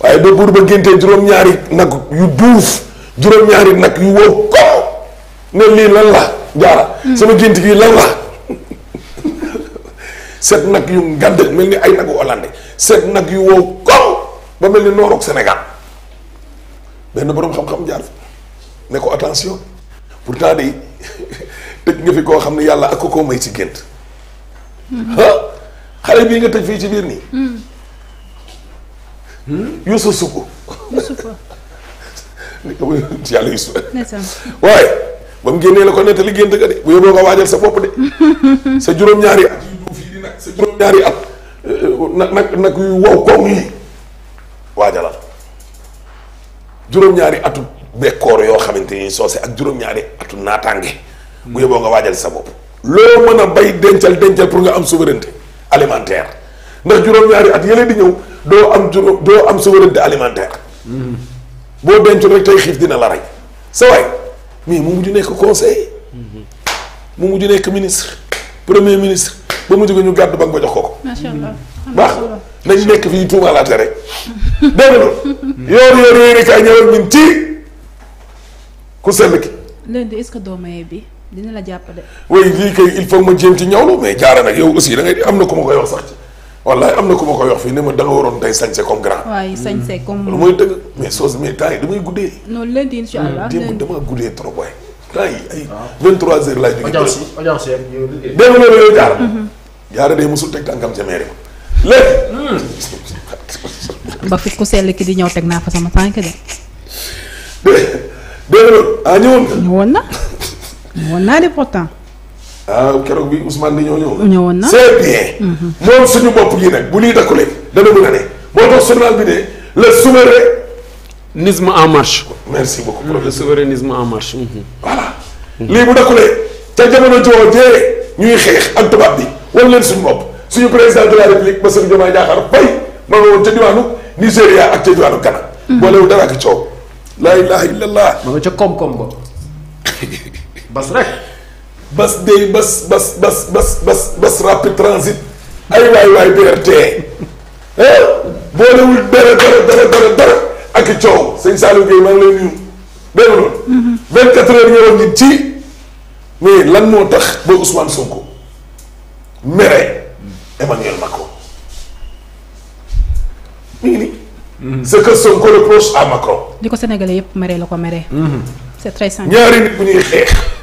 waaye ba buur ba géntee juróom-ñaari nag yu duuf juróom-ñaari nag yu wóor ko ne lii lan la jaara. sama gént gi lan la seet nag yu ngand mel ni ay nagu Hollande set nag yu woo koŋ ba mel ni nooroog Sénégal benn boroom xam-xam jaar fa ne ko attention pourtant de tëj nga fi koo xam ne yàlla ak ko koo may ci gént. Hmm. xale bii nga tëj fii ci biir nii. Hmm. Hmm? Yuusu Sugu. yàlla Yuusu. waaye ba mu génnee la ko nettali gént ga de bu yóbboo nga waajal sa bopp de sa juróom-ñaari at yu duuf yi at nag eh, eh, nag nag yu wow koŋ yi waajalal juróom-ñaari atu bekkoor yoo xamante ni soose ak juróom-ñaari atu naataange. bu yóbboo nga waajal sa bopp. loo mën a bay dencal dencal pour nga am souveraineté alimentaire. ndax juróom-ñaari at yeneen di ñëw doo am juróom doo am souveraineté alimentaire boo dencul rek tey xiif dina la rey sa waay mais mu mujj nekk conseiller mu mujj nekk ministre premier ministre ba mu jóge ñu gàddu ba nga jox ko ko. macha allah nañ nekk fii tuumaalaate rek dégg nga loolu. yoor yoor yéen kaay ñëwal min ci ku sell ki. léegi est-ce que doo maye bi dina la jàppale. oui lii kay il faut ma jéem ci ñawlu mais jaara nag yow aussi da ngay am na ku ma koy wax wallaay am na ku ma koy wax fii ne ma da waroon tey sañse comme grand. waaye sañse mm. comme. lu mooy dëgg mais soos mais temps damay guddee. noonu la di damaa guddee trop waay. temps yi ay 23 heures laay jógee. nga loolu yow mm-hmm. musul teg tànkam sa mairie ma léegi. Mm. ba fi ku sell ki di ñëw teg naa fa sama tànk de. dégg nga loolu ah ñëwoon na. ñëwoon na ñëwoon naa de pourtant. ah keroog bi Ousmane di ñoo ñëw. ñëwoon na c'est bien. Mhm. moom suñu bopp gi nag bu lii dakkulee dana mën a ne moo tax journal bi de le souverainisme en marche. merci beaucoup professeur le souverainisme en marche. Mhm. voilà lii bu dakkulee ca jamono joojee ñuy xeex ak tubaab bi wala leen su bopp suñu président de la république Bassirou Diomaye Diakhar Faye ma nga woon ca diwaanu Nigéria ca diwaanu Ghana. Mhm. ak coow. laa ilaaha illallah. ma nga ca koom-koom ba bas rek. bas day bas bas bas bas bas bas rapid transit ay waay waay BRT eh? boolewul dara dara dara dara dara ak i coow sëñ Saliou Gueye maa ngi lay nuyu dégg nga loolu. Mhm. heures nga wax nit ci mais lan moo tax ba Ousmane Sonko mere Emmanuel Macron mi nii. Mhm. ce que Sonko reproche à Macron. di ko Sénégalais yëpp mere la ko mere. Mhm. c'est très simple. ñaari nit bu ñuy xeex.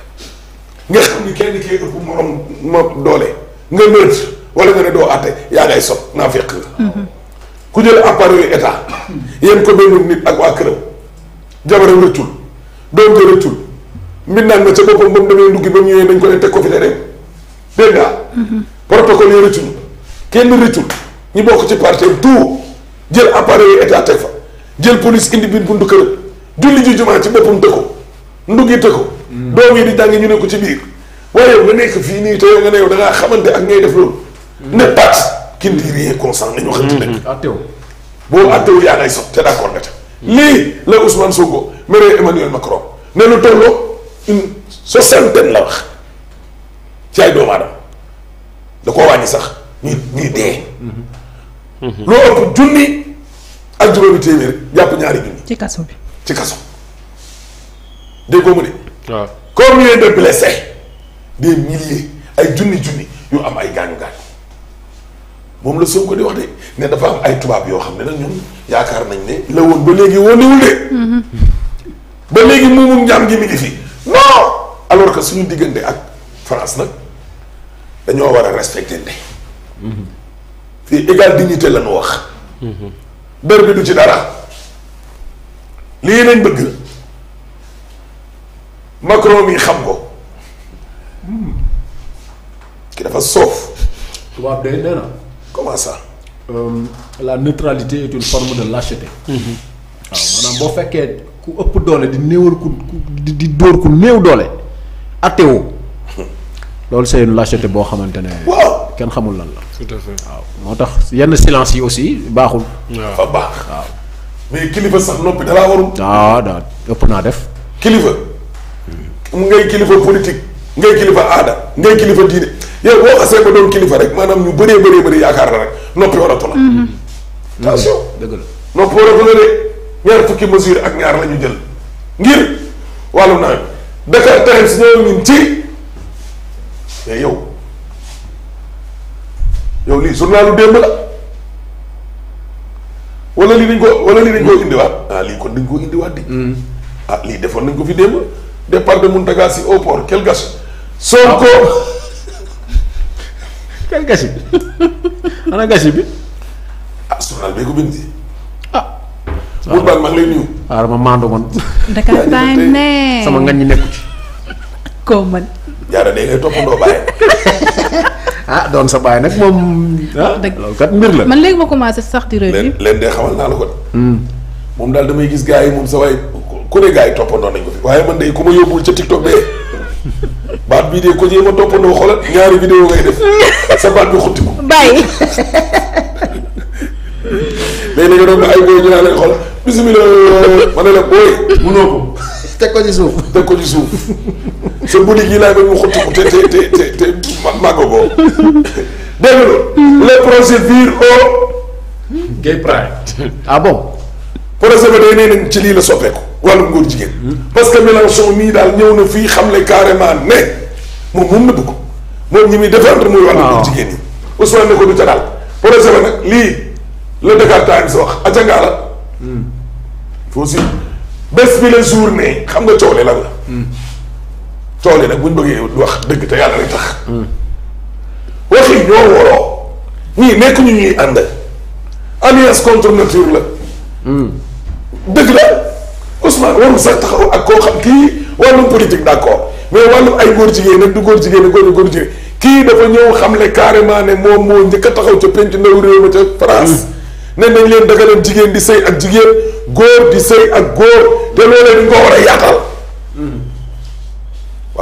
nga xam ni kenn kii ëpp morom ma doole nga nënt wala nga ne doo àtte yaa ngay sot naa fekk nga ku jël appareil état yéen ko benn nit ak waa këram jabaram rëccul doom ko rëccul mbindaan nga ca boppam ba mu demee nduggi ba mu ñëwee dañ ko ne teg ko fi te dem dégg nga protocole yi rëccul kenn rëccul ñu bokk ci parti tout jël appareil état teg fa jël police indi biir buntu këram julli ji jumaa ci boppam dëkko nduggi dëkko doom yi di jàng ñu ne ko ci biir waaye yow nga nekk fii nii te yow nga ne yow da ngaa xamante ak ngay def loolu. ne pat qui ne dit rien nañu mmh. boo attew yaa ngay sot te d' accord nga ca. Mmh. lii la Ousmane Sonko ne lu la wax ci ay doomu aadama da koo wàññi sax ñuy ñuy mmh. loo ëpp junni ak juróomi téeméer jàpp ñaari junni. ci kaso bi ci kaso déggoo mu ne. waaw combien de blessés des milliers ay junni junni yu am ay gaañu gaañu moom la Sonko di wax de ne dafa am ay tubaab yoo xam ne nag ñoom yaakaar nañ ne la woon ba léegi wóonewul de. Mm-hmm. ba léegi muumum njaam gi mi ngi fi non alors que suñu diggante ak France nag dañoo war a respecté nde mm-hmm. fii égal dignité la ñu wax. Mm-hmm. dër bi du ci dara lii lañ bëgg. Macron mi xam ko. ki dafa soof. tubaab day nee na. Euh, la neutralité est une forme de lâcheté. Mhm. waaw maanaam boo fekkee ku ëpp doole di néewal ku di dóor ku néew doole. ateo loolu c'est une boo xamante ne. waaw kenn xamul lan la. waaw moo tax yenn silence yi aussi baaxul. waaw mais kilifa sax noppi dalaa warul. ah daa ëpp naa def. kilifa. ngay kilifa politique ngay kilifa aada ngay kilifa diine yow boo xasee ba doon kilifa rek maanaam ñu bëree bëree bëri yaakaar na rek noppi waratu la. Mhm. attention mhm. dëgg la noppi waratu la de ñaar fukki mesure ak ñaar la jël ngir wàllu nawet Dakar Times ñëw ñun ci mais yow yow lii journalu démb la wala lii dañ ko wala lii dañ ko hmm. indiwaat ah lii kon dañ ko indiwaat di hmm. ah lii defoon nañ ko fi démb. départ de Mountaga Sy au port quel gâchis. Sonko. Ah quel gâchis ana gâchis bi. ah journal bi ko bind. ah. waaw Mbour Ba maa ngi lay ah, dama maandu man. Dakar Time ne sama ngañ nekku ci. koo jaara de ngay toppandoo bàyyi. ah doon sa bàyyi nag moom. ah mbir la. man léegi ma commencé sax di rëy. Hmm. damay gis gars yi moom sa waay ku ne gars yi toppandoo nañ ko fi waaye man de ku ma yóbbul ca TikTok bee baat bii de ko jéem a toppandoo xoolal ñaari vidéo ngay def sa baat bi xutti ko. bàyyi. léegi nga na ay xool bisimilah ma ne la xutti ko te te te te te ko. dégg nga. le procès vire au. gay ah bon. procès ba day nee ci lii la soppeeku wàllum góor jigéen. parce que Mélenchon mii daal ñëw na fii xam ne carrément ne moom moom nëbb ko moom ñi muy défendre muy wàllum góor ah. jigéen yi. Ousmane ne ko du ca daal projet ba nag lii la Dakar Times wax aca ngaa la hmm. faut si bés bi la journée xam nga coole lan la hmm. coole nag buñ bëggee wax dëgg te yàlla rek tax hmm. waxi ñoo woroo ñii nekkuñu ñuy ànd alliance contre la dëgg la Ousmane warul sax taxaw ak koo xam kii wàllum politique d'accord mais wàllum ay góor jigéen nag du góor jigéen góor góor kii dafa ñëw xam ne carrément ne moom moo njëkk a taxaw ca penc ndaw réew ma ca France hmm. ne nañ leen dagaleen jigéen di sëy ak jigéen góor di sëy ak góor te loolee dañ ko war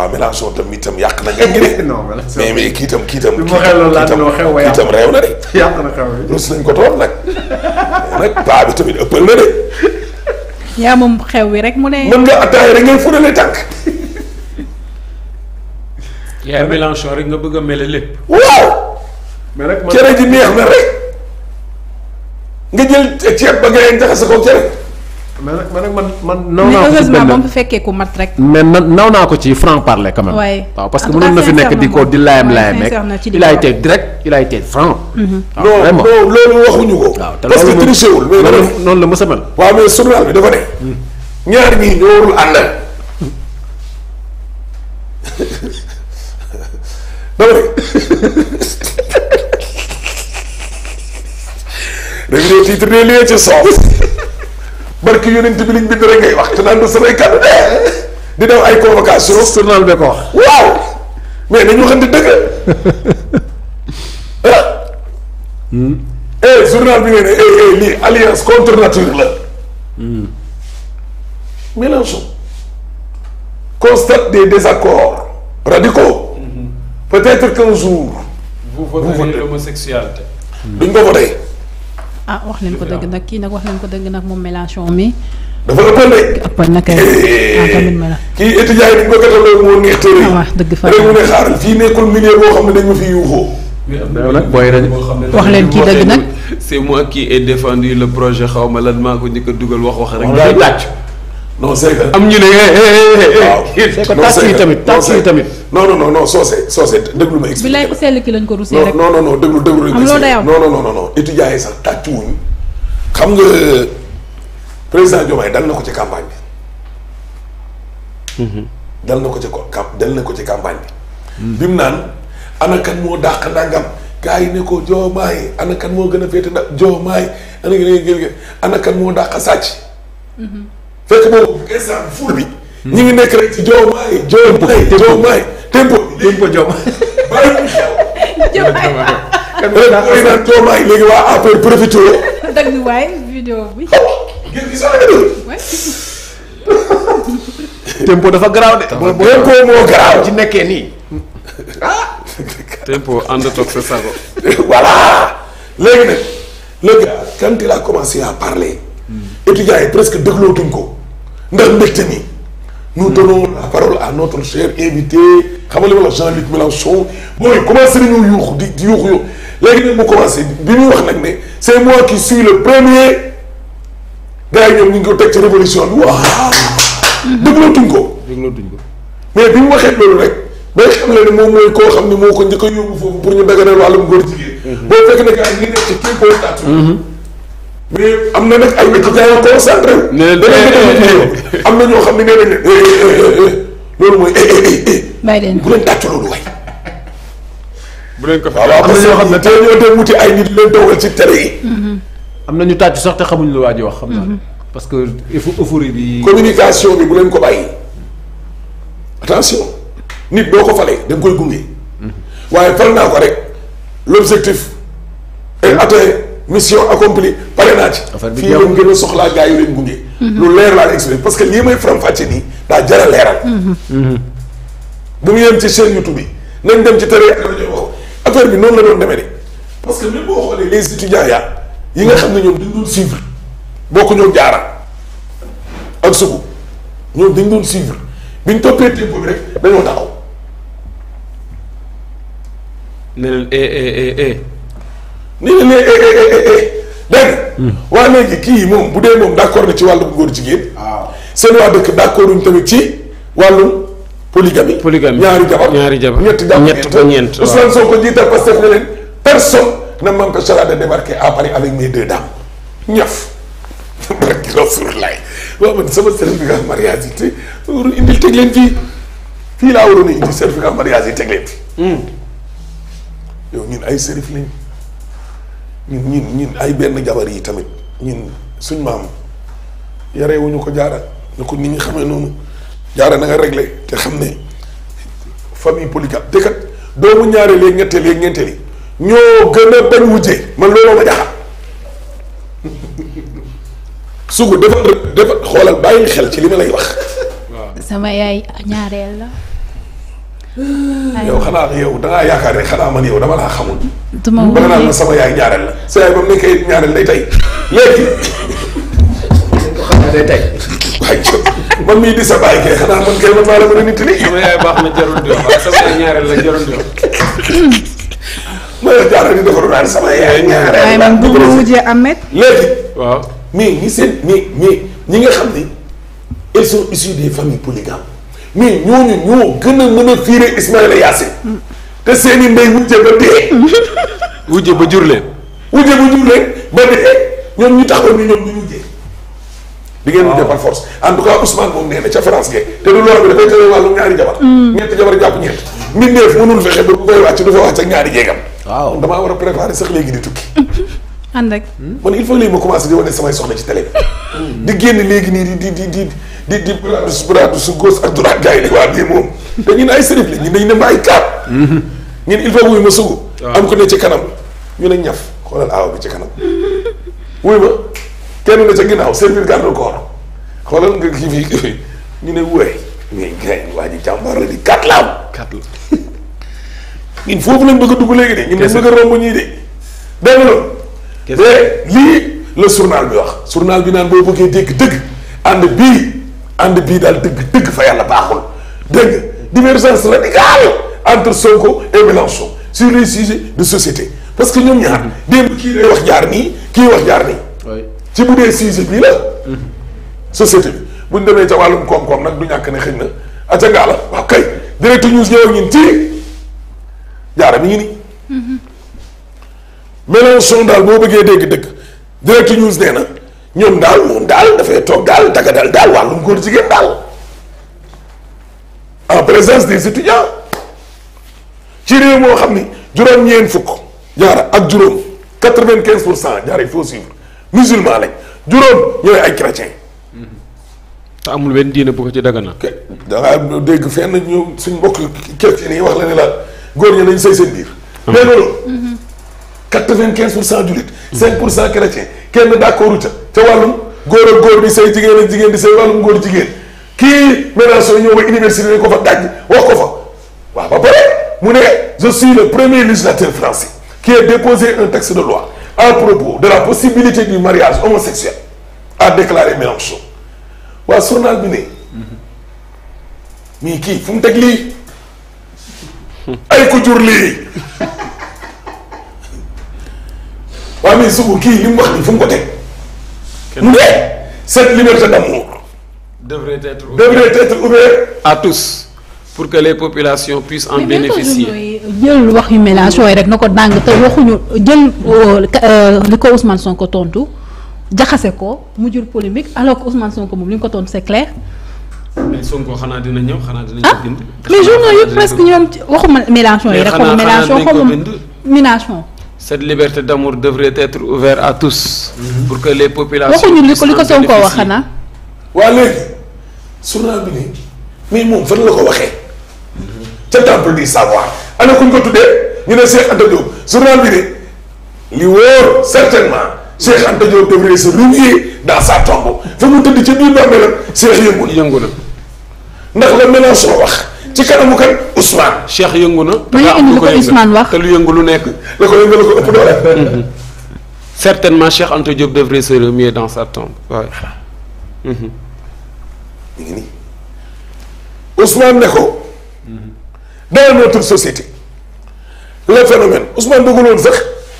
hmm. tam yàq na ngeen gi de kii itam kii itam kii itam na de yàq na xew rus nañ ko toog bi tamit ëppal na de yaa moom xew wi rek mu ne. mën nga attaay rek ngay fudale tànk. yaa Mélenchon rek nga bëgg a mel lépp. waaw. mais rek cere ji neex na rek. nga jël ceeb ba ngay jaxase ko cere. mais nag man man man. naw naa ko ci benn bu fekkee ku mat rek. mais na naw naa ko ci franc parler quand même. waaw parce que mënoon na fi nekk di ko di laayam laayam rek. il a été direct il a été franc. waaw mhm. ah, vraiment non non loolu waxuñu ko. waaw te parce que triché wul. noonu la mës a mel. waaw mais journal bi dafa ne. Hmm. ñaar ñii ñoo warul àndal. dama ne. dañu doon titre de lieu ci soof. barki yonent bi liñ bind rek ngay wax te naan du samay kàddu de di daw ay convocation journal bi ko wax waaw mais dañu waxante dëgg ah hmm. eh journal bi ngeen ne eh, eh, lii alliance contre nature la hmm. Mélenchon constate des désaccords radicaux hmm. peut-être qu'un jour duñ ko voter ah wax leen ko dëgg nag kii nag wax leen ko dëgg nag moom Mélenchon mi. dafa ëppal de. na kay eh, ah tamit ma la. kii étudiant yi ko gëstoo moo neex tëri. ah dëgg fa rek mu ne xaaral fii nekkul milieu boo xam ne dañ ma fi yuuxoo. wax leen kii dëgg nag. c'est moi qui ai défendu le projet xaw ma lan maa ko njëkk a dugal wax wax rek. daay tàcc. non c'est que am ñu ne. waaw c'est que tax yi tamit tax yi tamit. non non non non Socé Socé déglu ma expliqué. bilaay ku sell ki lañ ko rusee rek. non non non déglu déglu rek. am non non non non étudiants yi sax tàcc wuñ xam nga président Diomaye dal na ko ci campagne bi. dal na ko ci ko dal na ko ci campagne bi. bi mu naan ana kan moo dàq nangam gars yi ne ko Diomaye ana kan moo gën a féete na Diomaye ana kan moo dàq sàcc. fekk boobu bi. Hmm. ñu ngi nekk rek ci joomaay joomaay joomaay tempo dafa garaaw de. tempo moo garaaw ci nekkee nii. ah. tempo ànd sa sago. voilà léegi nag. le gars quand il a commencé parler. Hmm. étudiants yi presque déglootuñ ko. ndax mbégte mi nous hmm. donnons la parole à notre cher invité xam nga li ma la wax Jean-Luc Mélenchon booy commencé nañu yuuxu di di yuuxu yow léegi nag mu commencé bi muy wax nag ne c'est moi qui suis le premier gars yi ñoom ñu ngi ko teg ci révolution bi waa hmm. déglootuñ ko. déglootuñ ko mais bi mu waxee loolu rek bay xam leen moom mooy koo xam ne moo ko njëkk a yóbbu foofu pour ñu daganal wàllum góor jigéen. Hmm. boo fekk ne gars yi ñu nekk ci kii boobu mais am na nag ay étudiants yoo concentré. nee na am na ñoo xam ne nee nañ ne loolu mooy. Eh, eh, eh, bàyyi leen bu leen tàcc loolu waay. bu leen ko fa waaw am na ñoo xam ne tey ñoo dem wuti ay nit leen dogal ci tere yi. Mm-hmm. am na ñu tàcc sax te xamuñ lu waa ji xam naa mm-hmm. parce que euphorie bi. communication bi bu leen ko bàyyi attention nit boo ko falee da nga koy gunge. Mm-hmm. waaye fal naa ko rek l' objectif mission accomplie pare naa ci. fii leen gën a soxlaa gaa yi leen gunge. Mhm. lu leer laa expliqué parce que lii may faram-fàccee nii daa jar a leeral. Mhm. Mhm. bu mu yem ci chaîne YouTube bi nañ dem ci télé ak rajo wax affaire bi noonu la doon demee de. parce que même boo xoolee les étudiants yaa yi nga xam ne ñoom dañ doon suivre boo ko ñëw jaara ak sugu ñoom dañ doon suivre biñ toppee tempo bi rek dañoo taxaw. ne eh, eh, eh, nii ne nee eh, eh, eh, dégg nga. Hmm. waa léegi kii moom bu dee moom d'accord na ci wàllu góor jigéen. waaw seen waa dëkk d'accorduñ tamit ci wàllu polygamie. polygamie ñaari jabar ñaari jabar ñetti jabar ñett ba ñeent waaw Ousmane Sonko jiital Pastef ne de débarquer à Paris avec mes deux dames ñaf. barki Rasulullah waaw sama certificat mariage yi teg leen fii fii laa waroon a indi certificat mariage yi teg leen fi. Hmm. yow ñun ay sërif ñun ñun ñun ay benn jabar yi tamit ñun suñ maam yaree ko jaara na ko nit ñi xamee noonu jaara na nga réglé te xam ne famille polygame te kat doomu ñaare léegi ñetteel léegi ñeenteel yi ñoo gën a bañ wujjee man looloo ma jaxal su ko defal xoolal bàyyi xel ci li ma lay wax. sama yaay ñaareel la. yow xanaa yow da yaakaar ne xanaa man yow dama laa xamul. dama wóor naan la sama yaay ñaareel la. sa yaay ba mu nekkee ñaareel day tey léegi. day tey. man mii di sa bàyyi kay xanaa man kay man a nit baax na jarul di wax sama yaay ñaareel la jarul di wax. ma la jaarale di defaru naan sama yaay ñaareel. waaye man bëgg na mujjee Ahmed. léegi. waaw mais ñi seen mais mais ñi nga xam ni ils sont mais ñooñu ñoo gën a mën a fiire Ismaïla Yacine te seen i ndey wujje ba dee wujje ba jur leen wujje ba jur leen ba dee ñoom ñu taxaw ni ñoom ñu wujje di ngeen wujje par force en tout cas Ousmane moom nee na ca France ge te du loolu bi dafay tëral wàllu ñaari jabar hmm. ñetti jabar jàpp ñeent mbindeef mënul fexe ba bu koy wàcc du fa wàcc ak ñaari jéegam waaw damaa war a préparer sax léegi di tukki ànd ak man il faut léegi ma commencé di wane samay soxna ci télé bi hmm. di léegi nii di di di di di di braadu su braadu su góos ak droite gars yi ne waa bii moom te ñun ay sërif la ñun dañu ne ma ay kaat ñun il faut wuyu ma sugu am ko ne ci kanam ñu ne ñaf xoolal aaw bi ci kanam wuyu ma kenn ne ca ginnaaw servir garde corps xoolal nga kii fii ñu ne wooy mais gars yi la di kaat la am kaat la foofu lañ bëgg a dugg léegi de ñun lañ bëgg a romb ñii de dégg nga loolu eh, lii la journal bi wax journal bi naan boo bëggee dégg dëgg ànd bii ànd bii daal dëgg dëgg fa yàlla baaxul dégg nga divergence radicale entre Sonko et Mélenchon sur les sujets de société parce que ñoom ñaar démb kii lay wax jaar nii kii wax jaar nii. ci bu dee sujet bii la. société bi bu ñu demee ca wàllum koom-koom nag du ñàkk ne xëy na a ngaa la waaw kay direct news ñëw ak ñun ci jaara mi ngi nii. Mhm. Mélenchon daal boo bëggee dégg-dëgg direct news nee na. ñoom daal moom daal dafay toog daal daga daal daal wàllum góor jigéen daal en présence des étudiants ci moo xam ni juróom-ñeent fukk jaara ak juróom quatre-vingt-quinze pour cent jaara il faut suivre musulman lañ ñooy ay chrétien amul benn diine bu ci daganal. da dégg fenn ñu suñ mbokk chrétien yi wax la ne la góor ñi nañ sëy seen biir. mais loolu. Mhm. quatre-vingt-quinze pour cent jullit. cinq pour cent chrétien kenn d'accord ca. ca wàllum góor ak góor di say jigéen ak jigéen di say wàllum góor jigéen kii Mélenchon ñëw ba université dañ ko fa daj wax ko fa waaw ba pare mu ne je suis le premier législateur français qui a déposé un texte de loi à propos de la possibilité du mariage homosexuel a déclaré Mélenchon waa journal bi ne mii kii fu mu teg lii ay ko jur lii waa mais sugu kii li mu wax nii fu mu ko teg mais cette liberté d'amour devrait être devrait être à tous pour que les populations puissent en bénéficier jël wax yu mélange yi rek na ko dàng te waxuñu jël euh, li ko Ousmane ko tontu jaxase ko mu jur polémique alors que Ousmane Sonko moom li ñu ko tontu se clair. mais Sonko xanaa dina ñëw xanaa dina ñëw ah, bind. mais journaux yëpp presque ñoom waxuma mélange yi rek. xanaa xanaa mélange cette liberté d'amour devrait être ouverte à tous. Mhm. pour que les populations. waxuñu li ko li ko Sonko wax xanaa. waa léegi journal bi mais moom fan la ko waxee. ca temple du savoir. ana kuñ ko tuddee ñu ne Cheikh Anta Diop journal li wóor certainement Cheikh Anta Diop devrait se remuer dans sa tombe fa mu tëdd ca biir bàmmeelam Cheikh yëngu na yëngu ndax la mélange la wax. ci kanamu kan Ousmane. Cheikh yëngu na. te lu ko Ousmane wax te lu yëngu lu nekk. la ko yëngu la ko ëpp doole. Mhm. certainement Cheikh Anta dans sa tombe waaye. ñu mhm. ngi nii Ousmane ne ko. Mhm. dans notre société. le phénomène Ousmane bëggul woon sax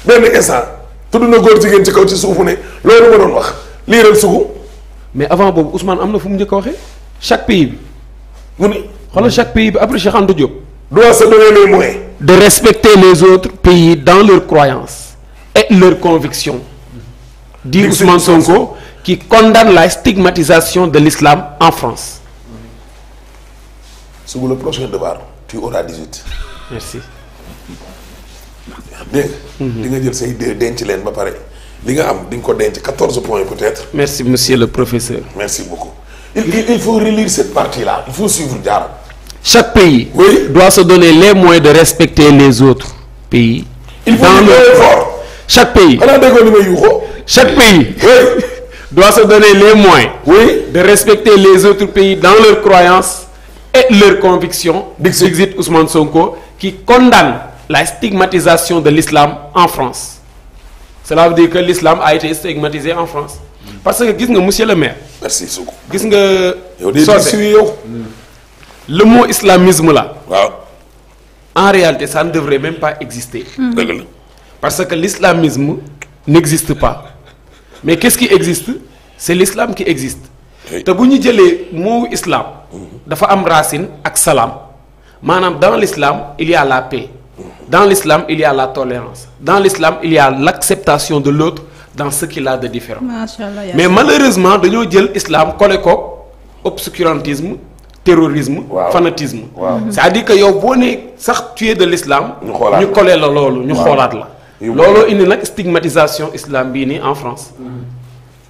benn instant tudd na góor jigéen ci kaw ci suufu ne loolu ma doon wax lii ren sugu. mais avant boobu Ousmane am na fu mu njëkk a waxee chaque pays bi xoolal chaque pays bi après Cheikh Anta Diop. doit se donner les moyens. de respecter les autres pays dans leurs croyances et leurs convictions. dit Ousmane Sonko qui condamne la stigmatisation de l'islam en France. sur le prochain devoir tu auras 18. merci. dégg ah, nga. Mhm. di nga jël say denc leen ba pare li nga am di ko denc 14 points peut-être. merci monsieur le professeur. merci beaucoup. il il faut relire cette partie là il faut suivre Diarra. chaque pays oui. doit se donner les moyens de respecter les autres pays. il faut dans le... chaque pays chaque pays oui. doit se donner les moins oui. de respecter les autres pays dans leurs croyances et leurs convictions exit Ousmane Sonko qui condamne la stigmatisation de l'islam en France cela veut dire que l'islam a été stigmatisé en France parce que gis nga monsieur le maire merci Sonko gis nga soose le mot islamisme la waaw en réalité ça ne devrait même pas exister. dëgg la parce que l'islamisme n'existe pas mais qu'est-ce qui existe c'est l'islam qui existe. te bu ñu jëlee mot islam. dafa am racine ak salaam maanaam dans l'islam il y a la paix. dans l'islam il y a la tolérance dans l'islam il y a l'acceptation de l'autre dans ce qu'il a de différent. mais malheureusement dañoo jël islam collé ko obscurantisme. terrorisme waaw. fanatisme waaw. c'est-à-dire que yow boo ne sax tu de l'islam ñu kolee la loolu ñu xoolaat la looloo indi nag stigmatisation islam bii nii en France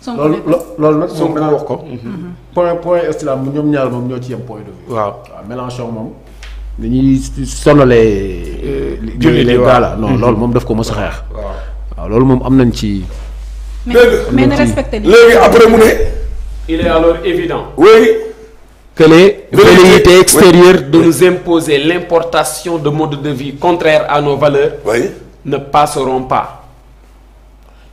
loolu loolu nag moom danaa wax ko mhm. point point islam ñoom ñaar moom ñoo ci yem point de waaw waaw Mélenchon moom ni ñuy sonalee euh, les gars là non mhm. loolu moom def ko mos a xeex waaw loolu moom am nañ ci léegi après mu ne il est alors évident que les velléités extérieures de nous imposer l'importation de modes de vie contraires à nos valeurs ne passeront pas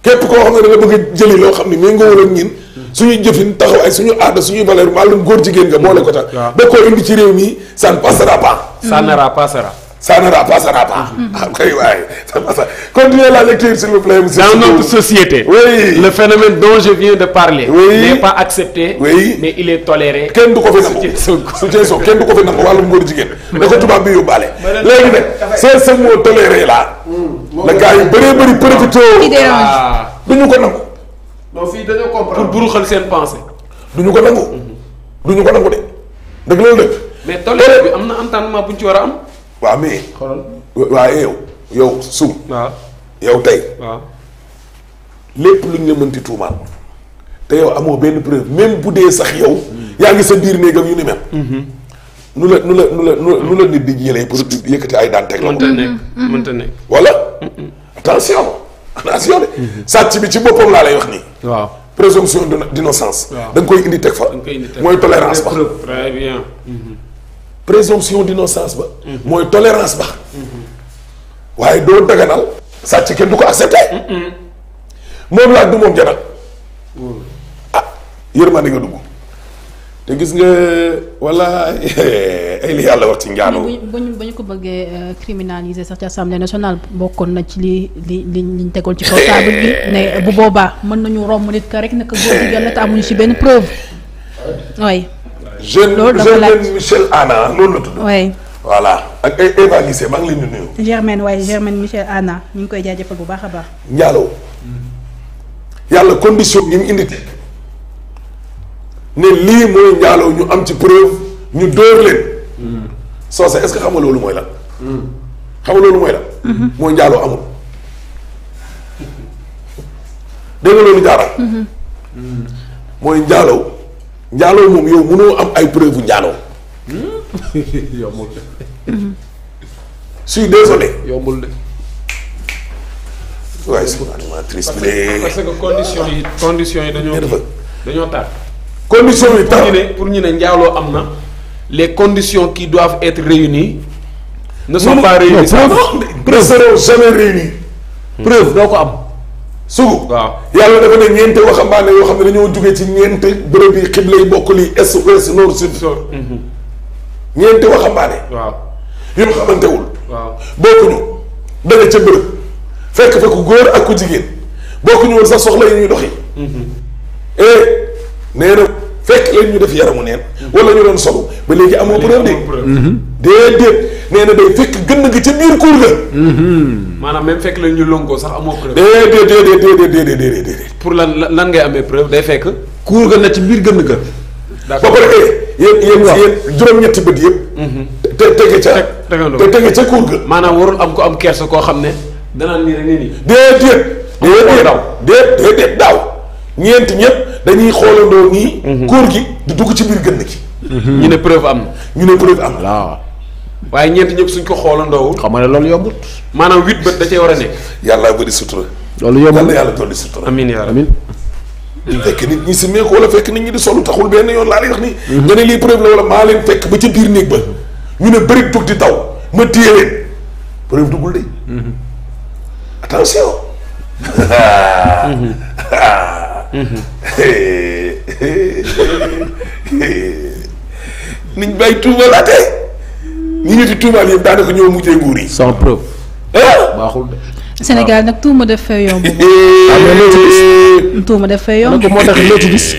képp koo xam ne da nga bëgg a jëli loo xam ne mii nga wala ñin suñu jëfin taxaw ay suñu aada suñuy valeur wàllum góor jigéen nga moo la ko tax ba koo indi ci réew mi ça ne passera pas ça ne mm. passera ça n'aura pas ça n'aura pas. Mhm. ah kay waay ça va ça continuez la lecture s'il vous plaît monsieur. dans notre société. oui le phénomène dont je de parler. oui n'est pas accepté. oui mais il est toléré. kenn du ko fi nangu kenn du ko fi nangu wàllum góor jigéen. da ko tubaab bi yóbbaale. léegi nag c'est ce mot toléré là. Hmm. la gars yu bëree bëri profité. Ah. Ah. du ñu ko nangu. non fii dañoo comprendre pour seen pensée. du ñu ko nangu. du ñu ko nangu de. dëgg loolu dëgg. mais toléré bi am na entendement bu ñu ci war a am. waaw mais. xoolal waaw yow yow suum. yow tey. lépp lu ñu la mënti tuumaal. te yow amoo benn preuve même bu dee sax yow. yaa ngi sa biir néegam yu ni mel. Mhm. nu la nu la nu la nu la nit di jëlee pour yëkkati ay daan teg la ko. mënta nekk mhm, mhm. mënta nekk. wala. attention attention de. Mm-hmm. sàcc bi ci boppam laa lay wax nii. waaw présomption d'innocence. da nga koy indi teg fa. mooy tolérance ba. très présomption d'innocence ba. mooy tolérance ba. waaye doo daganal. sàcc kenn du ko accepté. moom laa du moom janal ah yërmande nga dugg. te gis nga walla ay li yàlla wax ci njaalo. bu ñu bu ñu ko bëggee euh, criminaliser sax ci assemblée nationale bokkoon na ci li li li ñu tegoon ci kaw table bi ne bu boobaa mën nañu romb nit ka rek naka góor jigéen la amuñu ci benn preuve. oui. jeune jeune Michel Anna loolu la tudd. oui voilà ak ay e- Eva Lissé maa ngi leen di nuyu. Germaine waaye Germaine Michel Anna ñu ngi koy jaajëfal bu baax a baax. Ndiallo yàlla condition yi mu indi ne lii mooy Ndiallo ñu am ci preuve ñu dóor leen. soose est-ce que xam nga loolu mooy lan. xam loolu mooy lan. mooy Ndiallo amul. dégg loolu jaaraat. Mhm. mooy Ndiallo. njaaloo moom yow mënoo am ay preuve njaaloo. Hmm? yombul de. suis désolé. yombul de. waaye c'est vraiment triste. parce que conditions yi conditions yi dañoo. dañoo tar. conditions yi tar pour ñu ne pour ñu ne njaaloo am na les conditions qui doivent être réunies. ne sont pas réunies. non preuve preuve jamais réunies. Hmm. preuve doo ko am. sugu waaw yàlla dafa ne ñeente waxambaane yoo xam ne dañoo jugee ci ñeente bërëb yi xibla yi bokk lii est ouest nord sud sud ñeente waxambaane waaw yoo xamantewul waaw bokkuñu danga ca bërëb fekk fa góor ak ku jigéen bokkuñu woon sax soxla yi ñuy doxi mm-hmm. eh nee na fekk leen ñu def yaramu neen mm-hmm. wala ñu doon solu ba léegi amoo preuve de mm-hmm. déedéet nee na day fekk gën gi ci biir kuur ga. Mm-hmm. maanaam même fekk la ñu lonko sax amoo preuve. déedéet déedéet déedéet déedéet pour lan lan ngay amee preuve day fekk. kuur ga na ci biir gën ga. d'accord ba pare eh, yéen yéen yéen juróom-ñetti bët yëpp. Mm-hmm. te tege ca te tege ca kuur ga. maanaam warul am ko am kersa koo xam ne. danaan nii rek nii nii. déedéet. déedéet daaw déedéet dañuy xoolandoo nii. Mm-hmm. kuur gi di ci biir gën gi. ñu ne preuve am na. ñu ne preuve am na. waaye ñeent ñëpp suñ ko xoolandoowul. xam nga ne loolu yombut. maanaam huit bët da cee war a nekk. yàlla bëri sutura. loolu yombul yàlla yàlla dolli sutura. amiin yaa amiin. fekk nit ñi si meeku wala fekk nit ñi di solu taxul benn yoon laa lay ne lii preuve la wala maa leen fekk ba ca biir néeg ba. ñu di daw ma ñi ñu fi tuumaal yëpp daanaka ñoo mujjee nguur yi. sans preuve. baaxul de. Sénégal nag tuuma daf fay yomb. Eh. Ah, ci gis.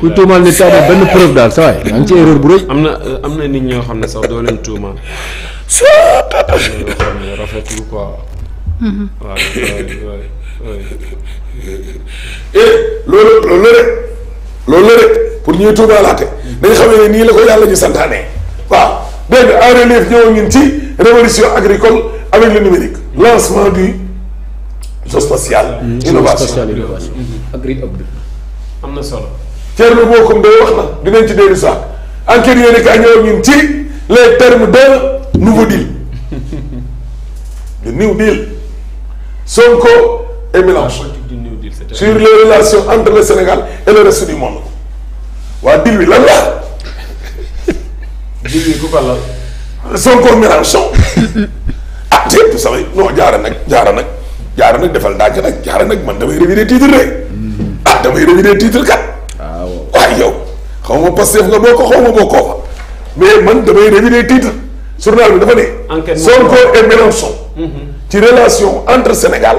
ku tuumaal ni taw benn preuve daal saa waay. ci erreur bu rëy. am na euh, am na nit ñoo xam ne sax doo leen tuumaal. rafetlu quoi. Mhm. waaw eh, loolu loolu rek loolu mm. xam ne nii la ko yàlla ñu santaane. dégg nga en relief ñëw ngeen ci révolution agricole avec le numérique lancement du géospatial mm-hmm. innovation agri mm-hmm. hub am na solo Thierno Bocoum wax na dinañ ci dellu sax enquête yooyu nekk ak ñëw ci les termes de nouveau deal le new deal Sonko et Mélenchon sur les relations entre le Sénégal et le reste du waa deal wi lan biir yi ku ko lal. Sonko Mélenchon ah yëpp samay non jaara nag jaara nag jaara nag defal ndànk nag nag man damay révider titre rek ah damay révider titre kat. waaw waaw yow xaw ma Pastef nga boo ko xaw ma boo koo mais man damay révider titre journal bi dafa ne. enquête Sonko et Mélenchon mhm. ci relation entre Sénégal.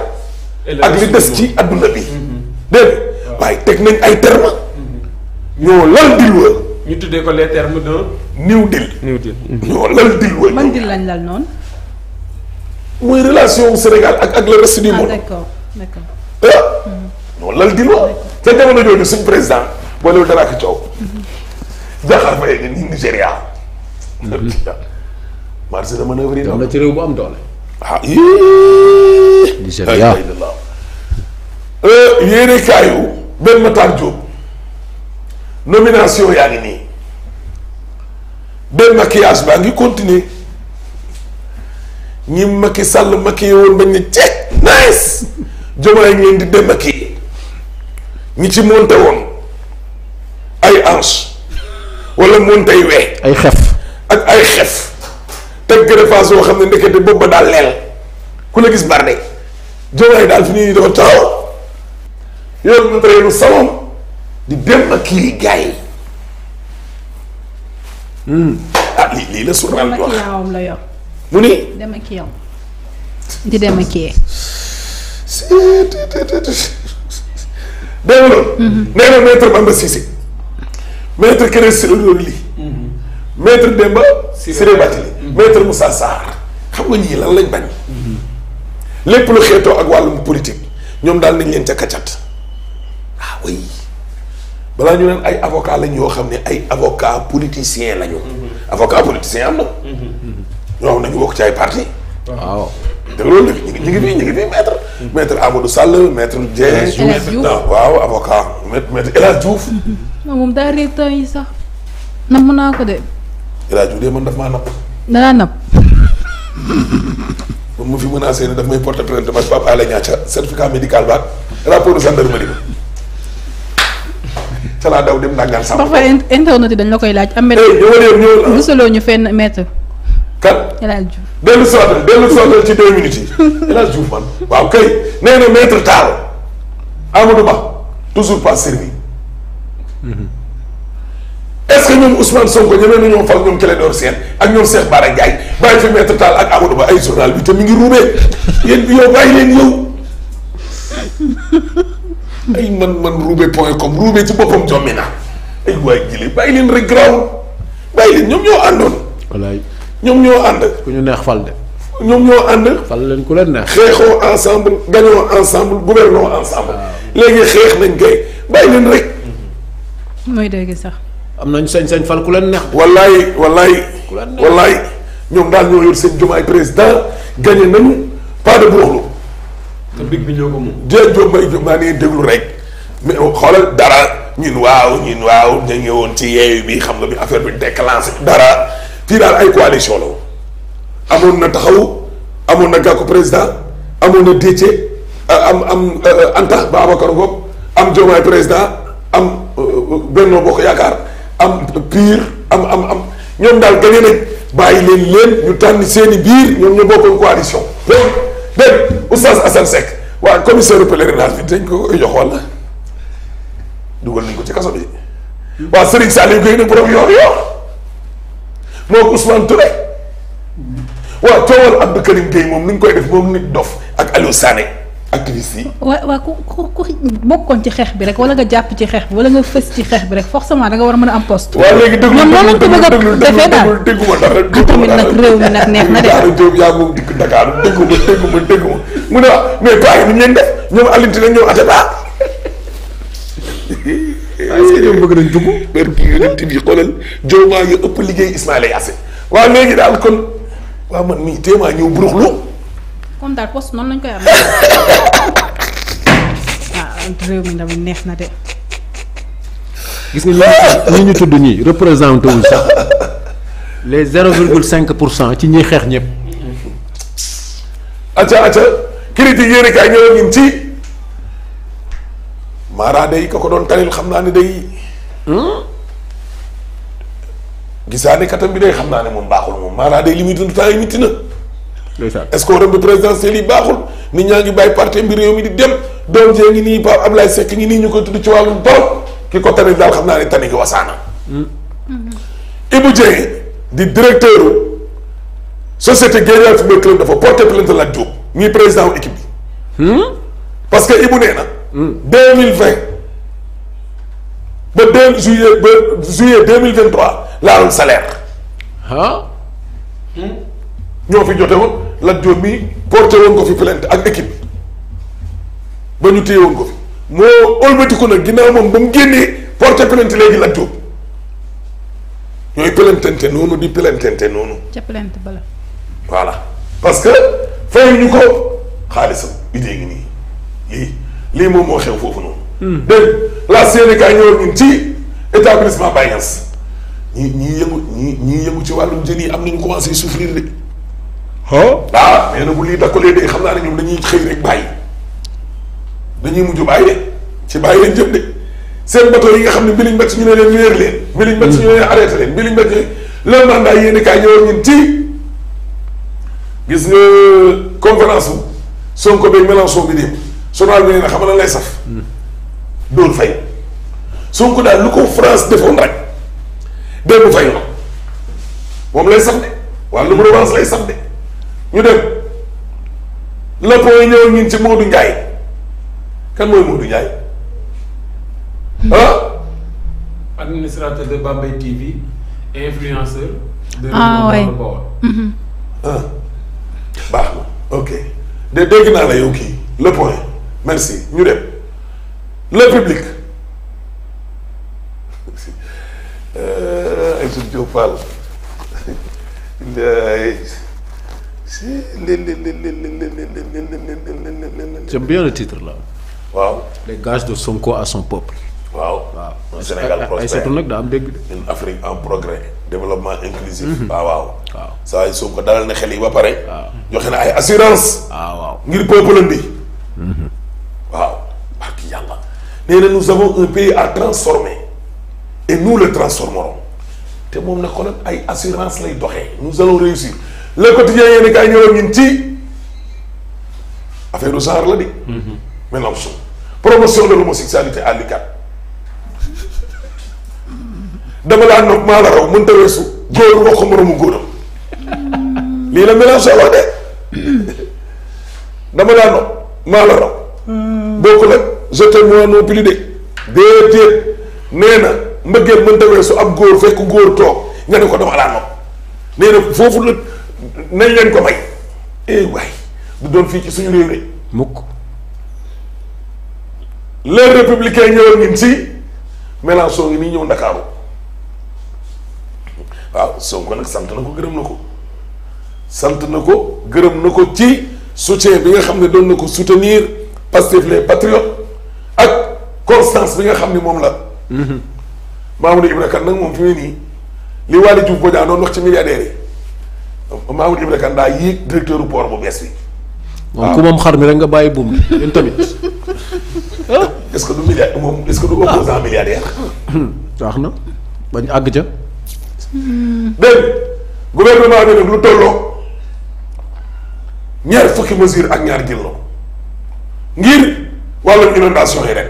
ak li des ci adduna bi. Mhm. dégg waaye teg nañ ay termes. Mhm. ñoo lal di ñu tuddee ko les new deal. new deal. ñoo lal deal wala. man deal lañ lal noonu. mooy relation Sénégal ak ak le reste du ah, monde. ah d'accord d'accord. Ah, mhm. ñoo lal deal wa. Mhm. te jamono jooju président. boolewul dara ak coow. Diakhar Faye nga nii Nigéria. Mhm. marché de manœuvre yi. am ci réew bu am doole. ah yii. Nigéria euh, yéene kaayu benn Matar Diop nomination yaa ngi nii. benn maquillage baa ngi continuer ñi Macky sàll maquillé woon bañ ne ceeb nice Diomaye ngi leen di démaquillé ñi ci monté woon ay hanche wala montey wee ay xef ak ay xef teg greffage yoo xam ne ndekete boobu ba daal leel ku la gis barde Diomaye daal fi nii dafa taxaw yor na reeru salon di démaquillé gars yi Hmm. ah lii lii la journal bi wax dama la yor. mu ni dama kii yow di dama kii. dégg nga loolu. nee mhm. na maître Bamba Cissé maître Kéré Siré li mhm. maître Demba Siré Batili maître Moussa Sarr xam nga ñii lan lañ bañ. Mhm. lépp lu xeetoo ak wàllum politique ñoom daal nañ leen ca kàccat ah, balaa ñu naan ay avocat lañ yoo xam ne ay avocat politicien lañu. Mhm. avocat politicien am na. Mhm. ñoo xam ne ñu bokk ci ay parti waaw te loolu nag ñu ngi fi ñu ngi fi maître. maître Amadou Sall maître Dieng. maître waaw avocat maître El Hadj Diouf. moom daa réer temps yi sax. namm naa ko de. El de man daf maa napp. danaa napp. mu fi menacé ne daf may porter plainte ma Pape Alé Niang ca certificat médical ba rapport de gendarmerie ba. talaa daw dem ndàngaan sàmm. ba pare internet yi dañ la koy laaj. am mel ni rusaloo ñu fenn maître. kan El Hadj Diouf. dellu sootal dellu sootal ci deux minutes yi El Hadj Diouf man waaw kay nee na maître Tall Amadou Ba toujours pas servi. Mhm. est-ce que ñoom Ousmane Sonko ñemee na ñoom fal ñoom Clédor Sène ak ñoom Cheikh Bara Ndiaye bàyyi fi maître Tall ak Amadou Ba ay journal bi te mi ngi ruubee yéen yow bàyyi leen yow. ay man man roube point com roube ci boppam jommi na ay waay jëlee bàyyi leen rek garaawul bàyyi leen ñoom ñoo àndoon. wallaay ñoom ñoo ànd. ku ñu neex fal de. ñoom ñoo ànd. fal leen ku leen neex. xeexoo ensemble gagnoo ensemble gouvernons ensemble. léegi xeex nañ kay bàyyi leen rek. mooy dëgg sax. am nañ sañ-sañ fal ku leen neex. wallaay wallaay. ku leen neex wallaay ñoom daal ñoo yor seen jumaay président gagné nañu pas de bruxlu. te big bi ñoo ko moom. jërëjëf Diop Mbaye Diop maa ngi déglu rek mais oh, xoolal dara ñun waaw ñun waaw ñu ngi woon ci yeeyu bi xam nga bi affaire bi déclenché dara fii daal ay coalition la amoon na taxaw amoon na gàkku président amoon na Déthié euh, am am euh, Anta Babacar Ngom am Diomaye président am euh, Benno Bokk Yaakaar am Pire am am am ñoom daal gën a bàyyi leen leen ñu tànn seen i biir ñoom ñu bokkoon coalition. dégg oustaz Assane Seck waa commissaire pèlerinage bi dañ ko jox walla dugal nañ ko ci kaso bi waa Serigne Saliou Gueye nag borom yoor yoor moo moom ni koy def moom nit dof ak Aliou Sané activiste yi. waaw waaw ku ku ku bokkoon ci xeex bi rek wala nga jàpp ci xeex bi wala nga fës ci xeex bi rek forcément da war a mën a am poste. waaw léegi déglu déglu déglu déglu déglu déglu déglu réew mi nag neex na de. Daara Diop yaa moom dikk Dakar déggu ma déggu mu ne wax mais paa yi ni ñu bëgg nañ dugg ber ëpp liggéey Ismaïla Yassé waaw léegi daal kon waaw man mii téemaa ñëw buruxlu comme ah, neex na de gis nga ñi ñu tudd ñi représenté sax les zéro virgule cinq pour cent ci ñuy xeex ñëpp. acca acca critique yéen a kaay ñëw ci Mara day ka ko doon talil xam naa ne day. gisaane katam bi day xam naa ne moom baaxul moom Mara li muy dund temps yi mitti na. est-ce que waroon bi présidentiel yi baaxul nit ñaa ngi bàyyi parti bi réew mi di dem doom jee ngi nii Pape Ablaye Seck ngi nii ñu koy tudd ci wàllum borom ki ko tamit daal xam naa ne tani gi wasaana. Hmm. Ibou Dieng. di directeur société Guédiawaye football club dafa porté plainte Lat Diop ñuy président wu hmm? parce que Ibou nee na. Hmm. deux mille vingt ba deux juillet ba juillet deux mille vingt trois laalul salaire. ah. ñoo fi jote woon Lat Diop mii porté woon ko fi plainte ak équipe bi ba ñu téye woon ko fi moo ëlbatiku nag ginnaaw moom ba mu génnee porté plainte léegi Lat ñooy pelentente noonu di pelentente noonu. ca pelente bala. voilà parce que fayuñu ko xaalisam idée ngi nii lii lii moom moo xew foofu noonu. Hmm. dégg la Sénégal ñëw ñun ci établissement Bayens ñi ñii yëngu ñii ñii yëngu ci wàllum jën yi am nañu commencé souffrir de. oh ah nee bu lii dakkolee de xam naa ne ñoom dañuy xëy rek bàyyi dañuy mujj bàyyi de ci bàyyi leen jëm de. seen bateau yi nga xam ne bi liñ ñu ne leen leen bi liñ ñu ne leen arrêté leen bi liñ mbéc le mandat yéen i kaay ñëwoon ñun ci gis nga conférence bu Sonko beeg Mélenchon xam na lay saf dóor daal lu ko France defoon rek démb moom lay saf de wala lu mu lay saf de ñu dem le point ñëwoon ñun ci Modou Ndiaye kan mooy Modou Ndiaye ah. administrateur de Bambey TV et influenceur. de ah oui de ah baax na ok de dégg naa la yow kii le point merci ñu dem le public. Aïssatou Diop Fall j'aime bien le titre là. waaw les gages de Sonko à son peuple. waaw waaw Sénégal prospère Aïssatou nag daa am dégg de. développement inclusif mhm. waaw waaw waaw saa yu soo ko dalal na xel yi ba pare waaw joxe ay assurance waaw ah, waaw ngir peuple bi mhm. waaw barki yàlla nee na nous un pays à transformer et nous le transformerons te moom nag kon ay assurance lay doxe nous allons réussir le quotidien yéen kay ñëwoon ñun ci affaire du genre la di. maintenant mhm. promotion de l'homosexualité à l'UCAD dama laa nopp maa raw mënta weesu góor wax ko góoram lii la Mélenchon wax de dama laa nopp maa la raw bokk nag je te moi non de déedéet nee na mbëggeel mënta weesu ab góor fekk góor toog nga ne ko dama laa nopp nee foofu la nañ leen ko may eh waay du doon fii ci suñu réew rek mukk les républicains ñëwoon ngeen si Mélenchon ngi nii ñëw Ndakaaru waaw Sonko nag sant na ko gërëm na ko sant na ko gërëm na ko ci soutien bi nga xam ne doon na ko soutenir Pastef les patriotes ak constance bi nga xam ne moom la mhm. Mamadou Ibra Kane nag moom fi mu nii li Waly Diouf Bodian doon wax ci milliardaires yi Mamadou Ibra Kane daa yéeg directeur bu port bu bees bi moom ku moom xar mi rek nga bàyyi buum bi yéen tamit est-ce que du milliard moom est-ce que du opposant milliardaire na bañ àgg ca dégg gouvernement bi nag lu tolloo ñaar fukki mesure ak ñaar jël na ko ngir wàllum inondation yi rek